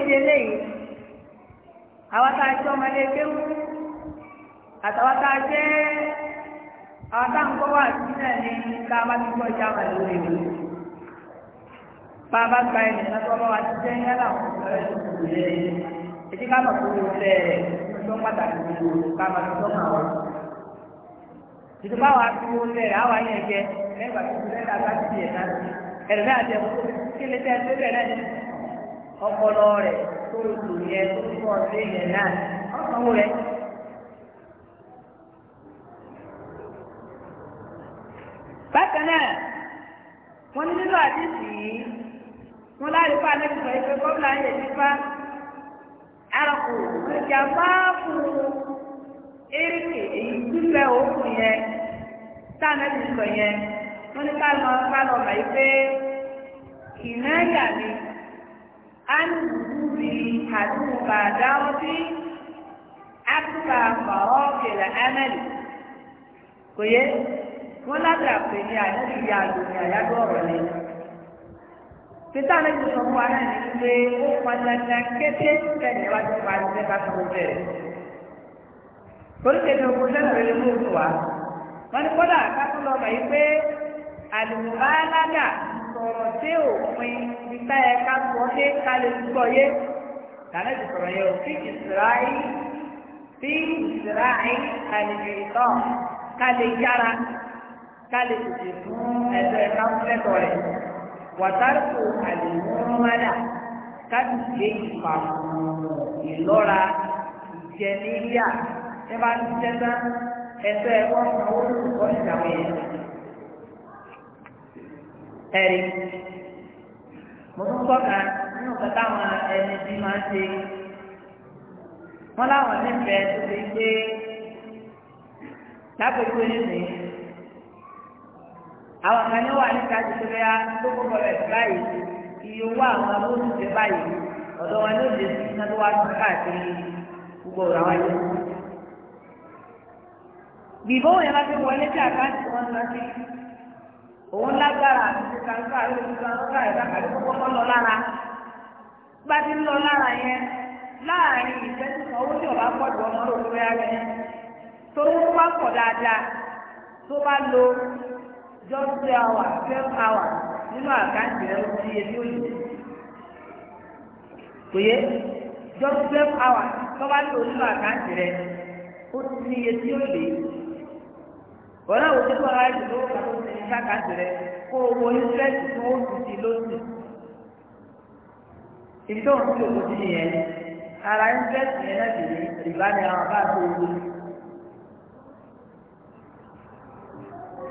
àdìsùn rẹ àwọn tá a jẹ́ ọmọdé àtàwọn tá a jẹ́ àwọn tá wà sí ní ká bá bá a bá gba ẹ̀mí lọ́tọ́ bá wa ti jẹ́ yálà wọn kọ́ ẹ̀ ètí ká mọ̀ fún un lẹ̀ pàtàkì gbogbo ká tó mọ̀ wọn. títí báwa fi wọn tó tiẹ̀ náà ẹ̀rọ náà kó tẹ́ tó lù yẹ tó pọ̀ sí yẹn náà ọ̀sánwó rẹ̀. bákan náà wọ́n ní nínú àdéhùn yìí wọ́n láàyè fún anẹ́gbẹ̀sọ̀ ìfẹ́ gómìnà yẹn nípa àròkù ìjà máa fún erike èyí sílẹ̀ òkun yẹn sọ yẹn wọ́n ní ká lọ lọ bàyí pé ni. أنزلي حدوث دربي أكثر مراحل أملي كويس wọ́n lábẹ́ àpè ní àyẹ̀dì ìyá àgbòmí àyájọ́ ọ̀rọ̀ lẹ́yìn. Pété àlẹ́ ti sọ fún wa náà ní pé ó pàtàkì kété tẹ̀lé wá ti pa àti ẹ̀ka tó bẹ̀rẹ̀. Oríṣiríṣi oko sẹ́sọ̀rọ̀ lè mú òkú wa. Wọ́n ní kọ́dà ká tó lọ pé àdùnnú bá lágà sọ̀rọ̀ dé òpin nígbà yẹn ká sọ dé ká lè yé dáná ti sọ̀rọ̀ yẹn òfin ìsirayí sí ìsirayí àlejò ìtọ́ ká lè yára ká lè tètè fún ẹ̀sọ́ ẹ̀ka fúlẹ́tọ̀ rẹ̀ wàtárùkù àlèmúrúmádà káàdì ṣe ìfàmù ìlọ́ra ìjẹniríà ẹ bá ń tẹ́tà ẹ̀sọ́ ẹ̀kọ́ fún olùkọ́ ìjàwé yẹn. ẹ̀rí mo tún tọ́ka nínú kẹta àwọn ẹni tí máa ń ṣe wọ́n láwọn nífẹ̀ẹ́ tó ti gbé lápẹ̀kọ́ nínú àwọn kan ní wà níta ti fi rẹ́yà tó kọ́kọ́ rẹ̀ báyìí iye owó àwọn amóhùnṣe báyìí ọ̀dọ́ wọn sí iná tó wá sí káàkiri gbogbo ọ̀rọ̀ àwọn yẹn bá òun lágbára àti kàńtà àti kàńtà ẹ̀dá kàdé kọ́kọ́ kọ́ lọ lára bá ti ń lọ lára yẹn láàrin ìṣẹ́jú kan owó tí ọba pọ̀ ọmọ ló fẹ́ rẹ yẹn torí wọ́n bá pọ̀ dáadáa tó bá lo just hours hours nínú àkáǹtì ó ti òyìnbó kò yẹ just lo nínú àkáǹtì ó ti wọn náà wò ó tó ara rẹ tó kàtó ní sákàtì rẹ kó owó ìfẹ́ẹ̀tì tí wọ́n ti di lóṣù ibi tó ń fi owó di yẹn ara ìfẹ́ẹ̀tì yẹn náà sì ní ìbáni àwọn bá tó owó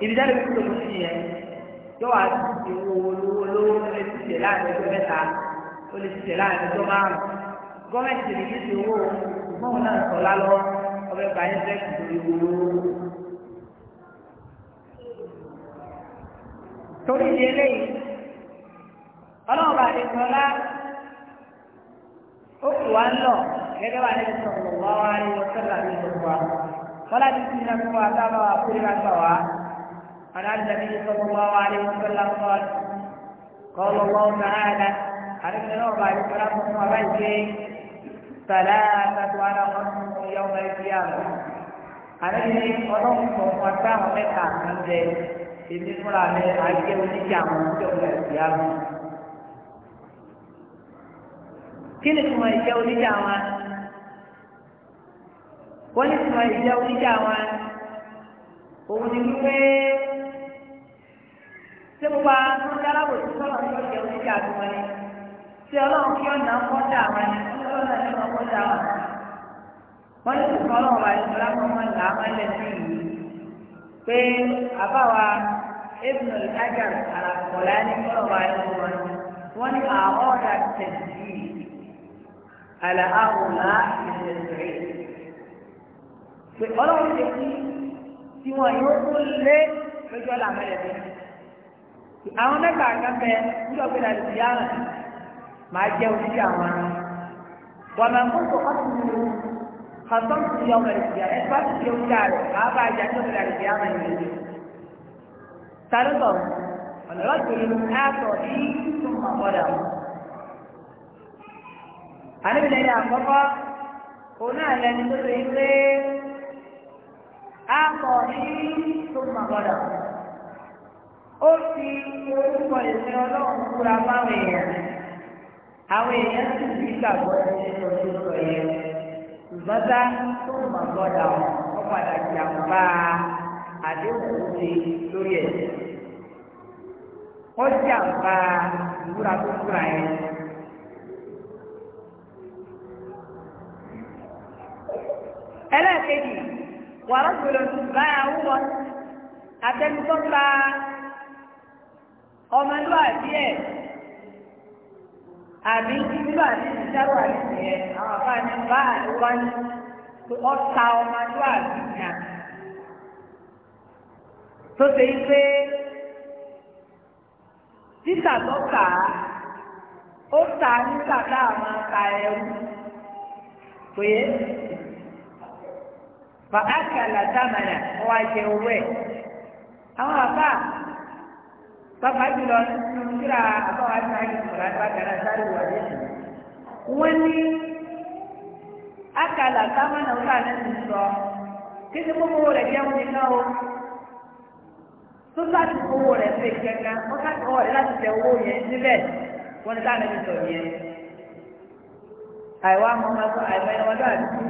ibi tó ń fi owó di yẹn yóò wá ti di owó lówó lówó lè ti tẹ̀ láàrin ọjọ́ mẹ́ta ó lè ti tẹ̀ láàrin ọjọ́ márùn-ún gọ́ọ̀mẹ̀ntì lè ti ti owó mọ́wọ́n náà sọ̀ lálọ́ ọbẹ̀ bá ìfẹ́ẹ̀tì lórí owó lówó. torí di eléyìí ọlọ́run bá ti sọ lá ó kù wá ń lọ gẹ́gẹ́ bá lẹ́yìn sọ̀rọ̀ wá wá ní ọ̀sẹ̀lá ní ìjọba wọ́lá ti sin ẹ̀kọ́ wa sábà wà kúrẹ́ ká gbà wá ọ̀nà àdìsẹ́bí ní sọ̀rọ̀ wá wá ní ọ̀sẹ̀lá kọ́ọ̀lù kọ́ọ̀lù wọ́n náà dá àdìsẹ́ náà bá ti sọ̀rọ̀ fún wa bá ìgbé sàlàtàtù àdàkọ́ yọ̀ọ́ mẹ́rin fíyàwó àdìsẹ́ ọlọ́run sọ̀rọ̀ fún wa sáà èmi fúnra mi àjẹ oníjà àwọn ìjọba ìyá mi. kí ni tuma ìjẹ oníjà wọn? wọ́n ní tuma ìjẹ oníjà wọn. òun ni wípé ṣé gbogbo àwọn dálábò tí sọ̀rọ̀ ní ìjẹ oníjà mi wọn ni ṣé ọlọ́run kí ọ̀nà kọ́dà wọn ni kí ọlọ́run náà ní ọkọ̀ wọn. wọ́n ní tuma ọlọ́run wà ní ìjọba kan wọn là á pé àbáwa ibn al-hajar àràkọ̀lá ní kọ́lọ̀ wa ní wọn wọ́n ní àwọn ọ̀dà tẹ̀sí àlàáhùnlá ìṣẹ̀lẹ̀ pé ọlọ́run ti kí tí wọn yóò tó lé lójú ọ̀la àmọ́lẹ̀ bí. àwọn mẹ́ta kan bẹ pé dàdí ti yára màá jẹ́ oníṣẹ́ àwọn wọn máa ń kó sí i kàtọ́n ti yọ ọmọ ìdíyà ẹ bá ti yọ wúlà rẹ̀ bàbá àjà tó wúlà rẹ̀ yà máa yẹ lé. Sárúkọ̀ ọ̀nà ọ̀gbìn àtọ̀ ní ìtumọ̀ ọ̀dà. Àníbi lẹ́yìn àkọ́kọ́, òun náà lẹni tó ṣe pé àtọ̀ ní ìtumọ̀ ọ̀dà. Ó fi orúkọ ìṣẹ́ ọlọ́run kúra fáwọn èèyàn. Àwọn èèyàn sì fi gbàgbọ́ ẹni tó ṣe sọ yẹn ìgbọ́nsá tó ń bá gbọ́dọ̀ ó padà jàǹbá àdéhùn ṣe lórí ẹ̀. ó jàǹbá ìwúra tó kúra yẹn. ẹlẹ́ẹ̀kejì wàrà gbèrò báyà wúwọ́ àtẹnudọ́gba ọmọlúwàbí ẹ̀. àbí nígbà tí ìjábọ̀ àti ẹ̀ àwọn ni bá ní tó ṣe yí pé títà tó kà á ó ta nígbà tá a máa ka ẹrú wọ́n á jẹ owó ẹ̀ àwọn pápá jùlọ nínú kíra àbáwá sáré ìmọ̀lá bàtàrà sáré wọlé wọn ní akàlà káwọn náà wà lẹ́nu sọ kí ni gbogbo rẹ̀ jẹ́ wọn iná o tó láti owó rẹ̀ fẹ́ gẹ́gẹ́ wọ́n ká owó rẹ̀ láti tẹ owó yẹn níbẹ̀ wọ́n ní láti sọ yẹn. àìwá mọ́ ọmọ ẹ̀fọ́ àìmọ́ ọmọdé àdúgbò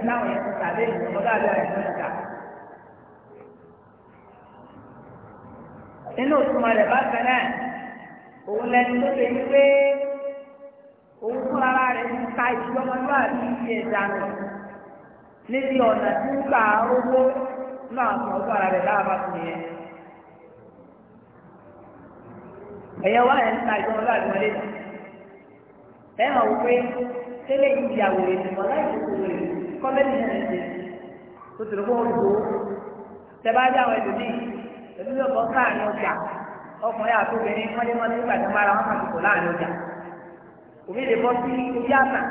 nínú òtúmọ̀ rẹ̀ bákan náà òun lẹni tó ṣe ní pé òun fún ara rẹ̀ ń ka ìjọmọlúwà ní ibi ìdáná níbi ọ̀nà tí ń kà owó náà fún ọgbọ́n ara rẹ̀ láàbá ẹ̀yẹ wá ẹ̀ ń ẹ̀ hàn tẹ́lẹ̀ tó tẹ̀lé fún èmi yóò bọ́ sáàrin ọjà ọkùnrin àti obìnrin nígbà tó wọn kàn kò láàrin ọjà òbí lè bọ́ sí ojú tí a máa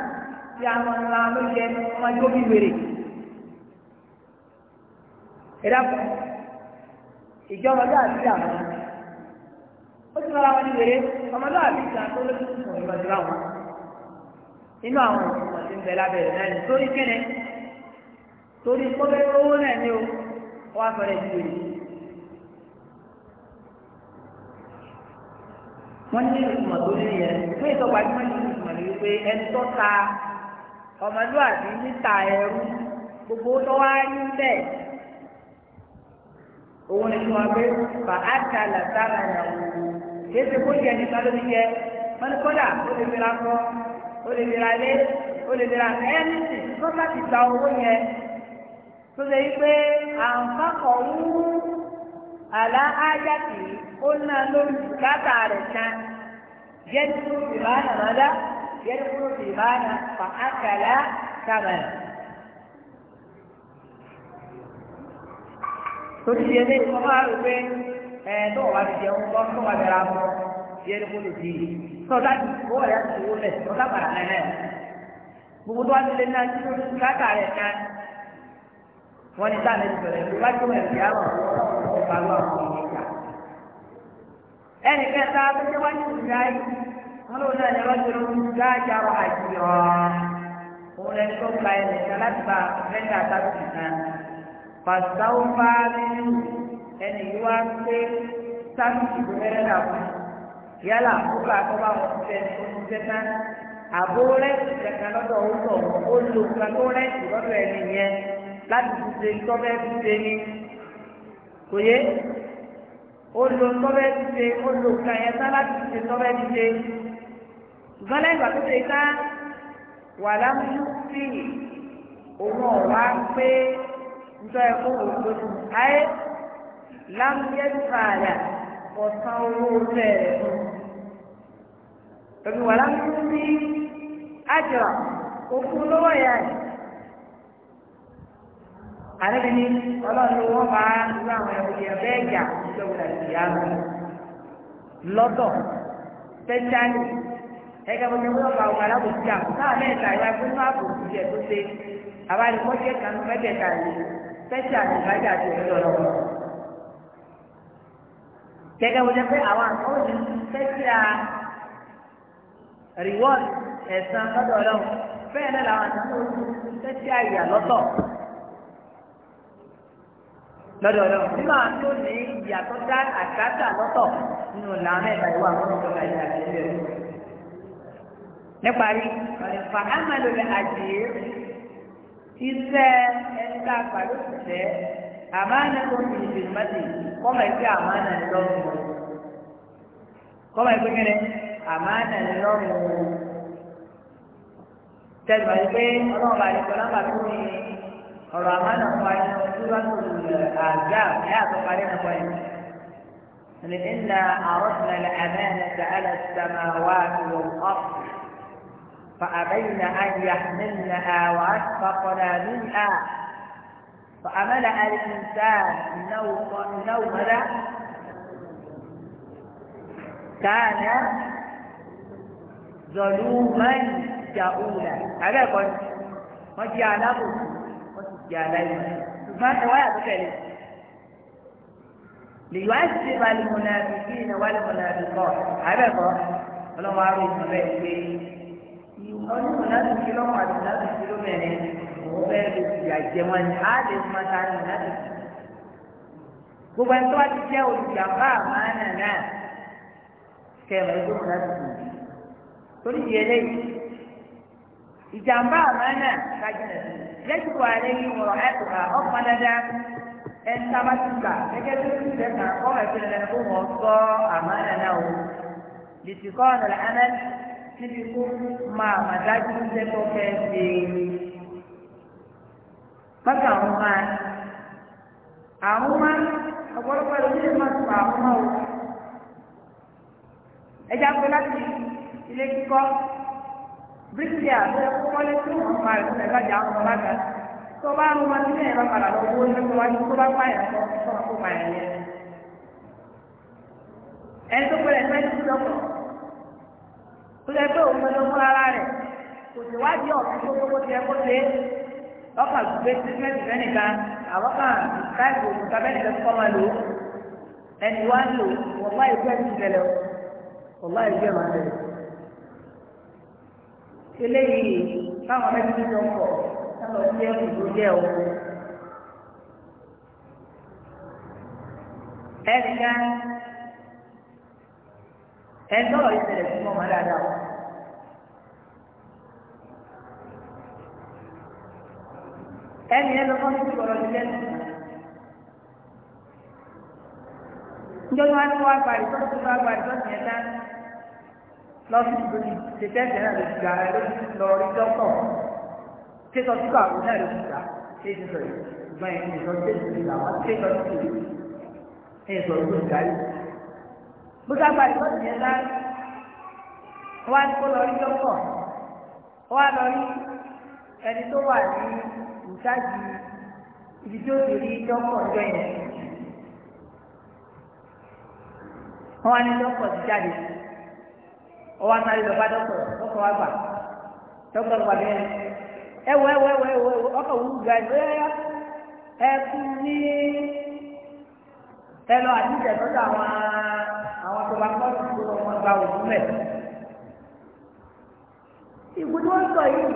ń wọn bí wèrè. ẹ dákun ìjọba àti àwọn wọn ní wèrè ọmọdé àti ìgbà tó lójú fún àwọn inú àwọn tí ń bẹ náà wọ́n ní ìtumọ̀ tó ní yẹn fún ìtọ́gbà tí wọ́n ní ìtumọ̀ ní wípé ẹni tó ta ọmọlúwàbí níta ẹrú gbogbo tó wá rí bẹ́ẹ̀ òun ni wọ́n gbé fà á ta làtàrà ìyàwó kéde kó yẹ nípa ló yẹ wọ́n ní kódà ó lè fi ra ó lè fi ra ó lè fi ra ẹni tó bá ti gba owó yẹn tó lè yí pé àǹfààní kan àlá ájàtì ó ná lórí bùkátà rẹ̀ kan yẹ́nì kúrò sí ìbáná mọ́dá yẹ́nì kúrò sí ìbáná fà ákàlà kàmẹ́rà. torí ṣe lé ìfọ́ máa rò pé ẹ̀ tó wà ní jẹun bọ́ tó wà bẹ̀rẹ̀ àbọ̀ yẹ́nì kúrò sí i sọ́dá ti kó ọ̀rẹ́ àti owó lẹ̀ sọ́dá padà náà gbogbo tó wà nílé náà tí ó rẹ̀ kan wọ́n ní sáà lẹ́yìn bẹ̀rẹ̀ ló bá tó ẹ̀rù yà wọ̀ parọ́ àwọn ọmọ ìjà. ẹnì kẹta tó ṣe wájú ìjà yìí wọn lòun náà ní ọjọ́ ìrọ̀lú láàjárọ̀ àjùyọ̀ òun lẹni tó gba ẹnì kan láti bá rẹ́ńdà tábìlì kan. pàṣẹwò bá nínú ẹnì yìí wá pé tábìlì tó rẹ́ńdà fún yálà kókò àkọ́bá wọn ti fẹ́ ní oṣù tẹ́tán àbúrẹ́ ìjẹ̀kan lọ́dọ̀ òun sọ̀rọ̀ ó lo ìgbà tó rẹ́ ẹni yẹn láti fi ṣe tọ́fẹ́ fi ṣe ní kò yé olo tọ́bẹ̀ ti ṣe olo kàyẹ sábà ti ṣe tọ́bẹ̀ ti ṣe ṣùgbọ́n lẹ́yìn ìgbà tó ṣe ká wà lámúyú sí òun ọ̀wá pé ntọ́ ẹ kó wò tó tù ayé lámúyẹ fàdà ọ̀sán owó bẹ̀rẹ̀ fún tọ́bi wà lámúyú sí àjọ òfin lọ́wọ́ yẹn. àrẹ́bí ni ọlọ́run ló wọ́n bá irú àwọn èèyàn bẹ́ẹ̀ jà ya ìyá wọn lọ́dọ̀ pẹ́ńtálì ẹgbẹ́ bọ́sẹ̀ wọ́n bá wọn alábòsí àwọn náà mẹ́ta ìwà ìwé náà kò sí ẹ̀ tó ṣe àbáyé wọ́n jẹ́ kanú mẹ́tẹ̀ẹ̀ta yìí pẹ́ńtálì ìbájà tó ń lọ lọ́wọ́. gẹ́gẹ́ bọ́sẹ̀ pé àwọn àkọ́wé ní làwọn lọ́dọ̀ ọ̀dọ̀ nígbà tó ní ìyàtọ̀ dá àgbàgbà lọ́tọ̀ nínú làmẹ́ ìbáyìwá àwọn ọmọ ọmọ ìyá àti ìbẹ̀rù. níparí fàhámà ló lè àjèé iṣẹ́ ẹ̀ka pàlóṣìṣẹ́ àmàna tó ń fi ìfìmọ́tì kọ́mọ̀ ẹgbẹ́ àmàna lọ́rùn kọ́mọ̀ ẹgbẹ́ kẹ́rẹ́ àmàna lọ́rùn tẹ̀sán pé ọlọ́run bá ní ọ̀rọ̀ àmàlà pa iná túbátù àgbà yá àtọ́parí náà pa iná. Ní iná àrọ́sìnà lè àmẹ́nà sàálà sàmà wà lò ọ̀f. فأبين أن يحملنها وأشفقنا منها فأملأ الإنسان إنه ماذا؟ كان ظلوما جهولا هذا قلت ما جاء نبوه يا ليت ما رواية بكالي ليعذب المنافقين والمنافقات هو ولو ما عرفوا المنافقين يقولون منافق كيلو ما منافق كيلو مني وبيبس يا جمال هذا ما كان منافق gbogbo ẹni tó wá ti jẹ́ ما àmàlà náà kẹ́ ẹ̀ mọ̀ ẹgbẹ́ òun láti sùn ìjàmbá àmàna kájínà yẹ́tù àlẹ́ yìí wọ̀rọ̀ ẹ̀kọ́ à ọ̀pọ̀ dáadáa ẹ̀ bí ó ti jẹ́ kàn kọ́ ẹ̀sìn kó wọ́n sọ àmàna náà lìtì kọ́ ọ̀nà níbi dájú kó fẹ́ ṣe bákan àwọn àwọn àwọn pé láti bíríkìlíà tó yẹ kó wọlé tó wọn máa rẹ fún ẹ bàjẹ́ àwọn ọmọ àgbà tó bá rún wọn sílẹ̀ ẹ̀rọ padà lọ wọ́n ní wọn tó bá pààyàn kọ́ tó wọn kó pààyàn yẹn. ẹni tó pẹ̀lẹ́ fẹ́ tó dọ́kọ̀ tó yẹ pé òun ló fún ara rẹ̀ kò sì wádìí ọ̀sán tó gbogbo ti kó lé lọ́kà gbé tírímẹ́tì mẹ́nìkan àwọn kan káàkiri òkú kábẹ́ẹ̀lì tó kọ́ wọn lò ẹni wá lò wọ́n bá ìgbẹ́ ti bẹ̀rẹ̀ wọ́n bá ìgbẹ́ máa bẹ̀rẹ̀ eléyìí báwọn mẹ́tìrì tó ń bọ̀ sálọ sí ẹ̀kú tó jẹ́ o. ẹ̀rí ká ẹ̀ ìṣẹ̀lẹ̀ fún ọmọ dáadáa o. ẹni ẹ lọ́kọ́ ní ìgbọ̀rọ̀ ní lẹ́nu. Njọ́ni wá ní wá gbàdúrà tó ti wá gbàdúrà tó ti yẹn dáná lọ́sibítù ní ṣètẹ́ẹ̀tì náà lè gbà ẹ lọ rí dọ́kọ̀ kéjọ tí kò àwọn náà lè gbà ṣé ti sọ̀rọ̀ ìgbà yẹn ní ìsọ̀rọ̀ tẹ̀sí ìgbà wọn kéjọ tí kò ní ìsọ̀rọ̀ tó gbà yìí. bó sábà ìtọ́jú yẹn lá wọ́n ní kó lọ rí dọ́kọ̀ wọ́n lọ rí ẹni tó wà ní ìtajì ibi tí ó ti rí dọ́kọ̀ ọjọ́ yẹn. wọ́n á ní dọ́kọ̀ ti jáde sí ọwọ́ atari lọ bá dọ́kọ̀ dọ́kọ̀ wa gbà dọ́kọ̀ wa bẹ́ẹ̀ ẹwọ ẹwọ ẹwọ ẹwọ ọkọ̀ wù gà ẹ ẹkú ní ẹlọ àdìjẹ tọ́jú àwọn àwọn tó bá kọ́ tó wọn gba òkú mẹ́. ìgbò tí wọ́n sọ yìí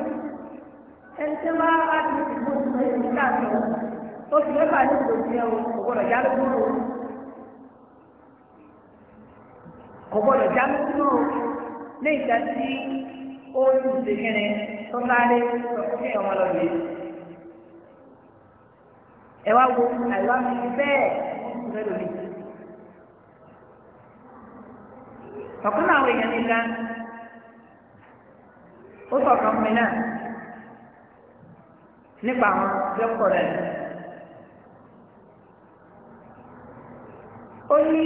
ẹni tí wọ́n bá ti ti mú ìgbò yìí ká sọ ó sì lọ́ba ní ìgbò tí ẹ o kò gbọ́dọ̀ kò gbọ́dọ̀ já lóko ní ìgbà tí ó ń ṣe kẹ́ni tó sáré sọ fún kéèyàn wọn lọ lè. ẹ wá wo àìwá mi bẹ́ẹ̀ mẹ́lòó mi. ọ̀kan náà àwọn èèyàn mi ga ó sọ kan fún mi náà nípa àwọn dókítà rẹ̀. ó ní.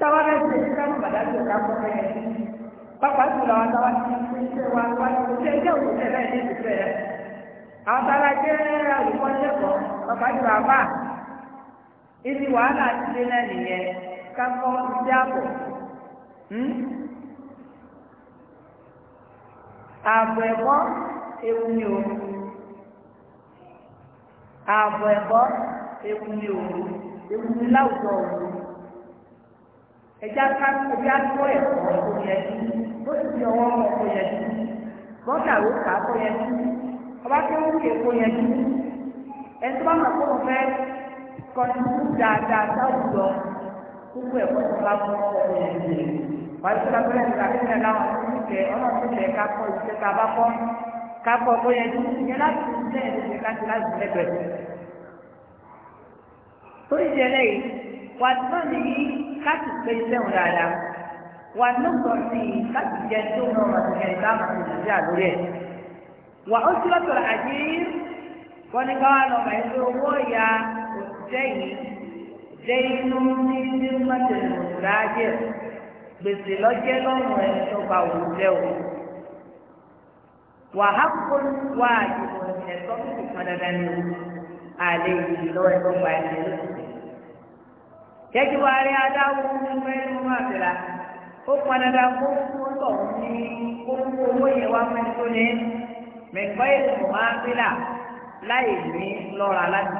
táwa bẹ ṣe ṣe káwọn bàdá tó ká kọ bẹ yẹn pápá jùlọ àwọn táwa ti ṣe ṣe wa wá kò ṣe ṣe òkú ṣe bẹ́ẹ̀ ní ìṣiṣẹ́ yẹn àwọn táwa jẹ́ àlùkọ́ lẹ́kọ̀ọ́ pápá jùlọ àbá ibi wàhálà ti dé náà nìyẹn ká kọ́ iṣẹ́ àbọ̀ hmm? àbọ̀ ẹ̀kọ́ ewu ni o àbọ̀ ẹ̀kọ́ ewu ni o ewu ni láwùjọ òru ẹja ká ẹbí atọ́ ẹ̀kọ́ tó yẹ sí ó sì fi ọwọ́ ọmọ tó yẹ sí bọ́tà ló kà á tó yẹ sí ọba tó ń ké tó yẹ sí ẹtọ́ bá máa kó o fẹ́ kọ́ni dáadáa sáwùjọ gbogbo ẹ̀kọ́ tó bá mú ọkọ̀ tó yẹ sí wàá tó bá bẹ́rẹ̀ nígbà tó yẹ láwọn tó ń kẹ ọ̀nà tó yẹ ká kọ́ ìṣe ká bá kọ́ ká kọ́ tó yẹ ìyẹn láti ṣe ìṣe láti láti lẹ́gbẹ̀ẹ́ torí tó náà nìyí káàtì pé sẹ́wọ̀n dáadáa wà lóòótọ́ sí i káàtì jẹ́ tó ń rọrùn àti ẹ̀rí bá àwọn òṣìṣẹ́ àlórí ẹ̀ wà ó sì lọ́tọ̀ àjí wọ́n ní káwá lọ bàyí pé owó ìyá òṣìṣẹ́ yìí jẹ́ inú ní ní mọ́tẹ̀lẹ̀ òṣìṣẹ́ gbèsè lọ́jẹ́ lọ́rùn ẹ̀ tó bá òṣìṣẹ́ o wà á kó wá àyè òṣìṣẹ́ tó kan dandan ní o àlè ìlú lọ́wọ́ ẹ̀ tó gba ẹ̀ kẹ́jú wa rí adáwó nínú ẹni wọn àti la ó pọn ní owó yẹn wá fún ẹni tó ní máa fi là láì ní lọ́ra láti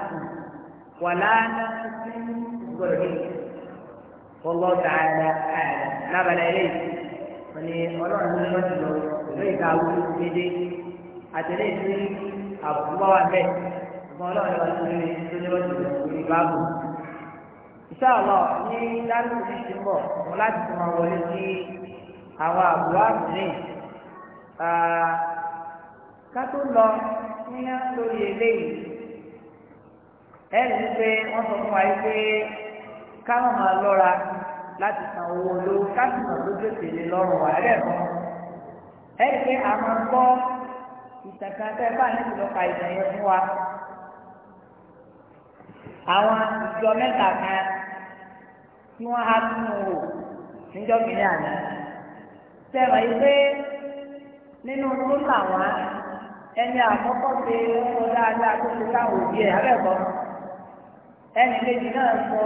wà sí yìí ta eléyìí wọ́n ní ọlọ́run ní lọ ìlú ìka ìṣàlọ ní lálùbí ti ń bọ̀ mo láti fún wọn wọlé sí àwọn àbúrò àbúrò ká tó lọ ní lórí eléyìí ẹnì pé wọ́n sọ fún wa pé káwọn máa lọ́ra láti san owó olówó káàsì náà ló gbèsè lé lọ́rùn wa rẹ̀ mọ́ pé a máa gbọ́ bá ìtàn yẹn fún wa àwọn ìjọ mẹ́ta kan. tí wọ́n há sínú wò níjọ́ kìnìún àná. Sẹ́wọ̀n yìí pé nínú tó làwọn ẹni àkọ́kọ́ ṣe owó dáadáa tó ṣe láwọn òbí ẹ̀ abẹ́ẹ̀kọ́. kejì náà sọ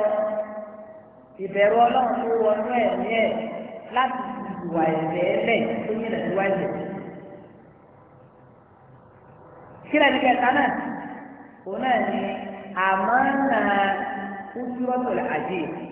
ìbẹ̀rù ọlọ́run tó wọnú ẹ̀mí ẹ̀ láti ìwà ẹlẹ̀ tó Kí lẹ́nu kẹta náà? Òun náà ni àmọ́ náà ń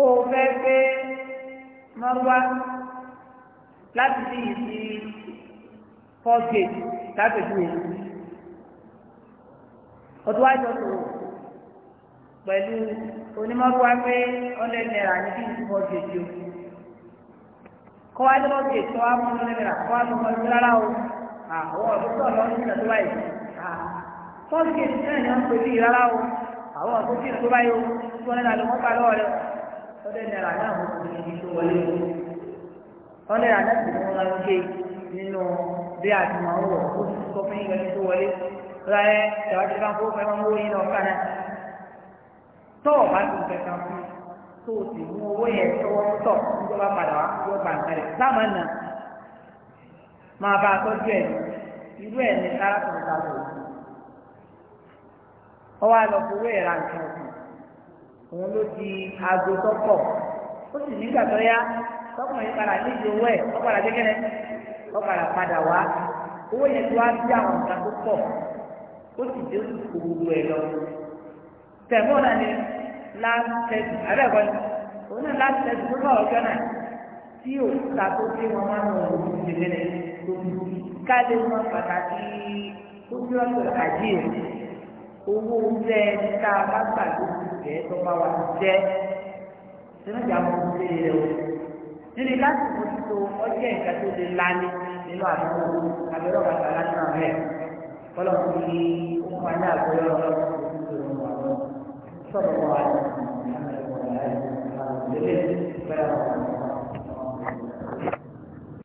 kó o fẹ́ pé wọ́n wá láti sí ìdí fọ́gẹ̀tì lápẹ̀jú èyí ọdún wájú ọ̀tọ̀ pẹ̀lú onímọ̀rúwá pé ọ̀lẹ́ náírà ní bí ìdí fọ́gẹ̀tì o kọ́ wájú fọ́gẹ̀tì tó wá mú ọ̀lẹ́ náírà kọ́ wájú fọ́gẹ̀tì rárá o àwọn ọ̀dún tó lọ sí ìdàtọ́ báyìí fọ́gẹ̀tì náà ni wọ́n pè sí ìrárá o àwọn ọ̀dún tó báyìí o tó ọdẹ náírà náà mo ti fi tó wọlé o ọdẹ náírà náà ti fún wa ṣe nínú bí àti máa ń wọ̀ ó ti sọ fún ìgbẹ́ni tó wọlé ra ẹ ìjọba ti fún fún ẹ máa ń wó yín lọ ká náà tọ́ ọ̀ bá ti kẹta fún tó o sì mú owó yẹn tọwọ́ tọ̀ níjọba padà wá yóò gbà nǹkan rẹ̀ sáàmà nà máa bá a tọ́jú ẹ̀ irú ẹ̀ ní sára tó ń ta lọ. ọwọ́ àlọ́ fowó ẹ̀ ra nǹkan ọ̀sìn. òun ló di aago tọkọ ó sì nígbà tó yá tọkùnrin padà níbi owó ẹ ọpadà padà wá owó yẹn tó wá bí àwọn nǹkan tó pọ̀ ó sì dé gbogbo ẹ lọ o ta tó dé wọn máa ń lọ òun ti tó bí káde wọn pàtàkì tó bí owó oúnjẹ ìfẹ́ tó bá wa jẹ́ sẹ́nẹ́jà mọ̀ ń ṣe rẹ̀ o. Níbi láti mójútó ọjọ́ ìka tó lè lani nínú àdúgbò abẹ́rẹ́ ọ̀gá àgbàlá náà rẹ̀. Kọ́lọ̀ kò ní okùn ayé àgbẹ̀rẹ̀ ọ̀gá sọ̀rọ̀ wà ní ìlànà ìwọ̀n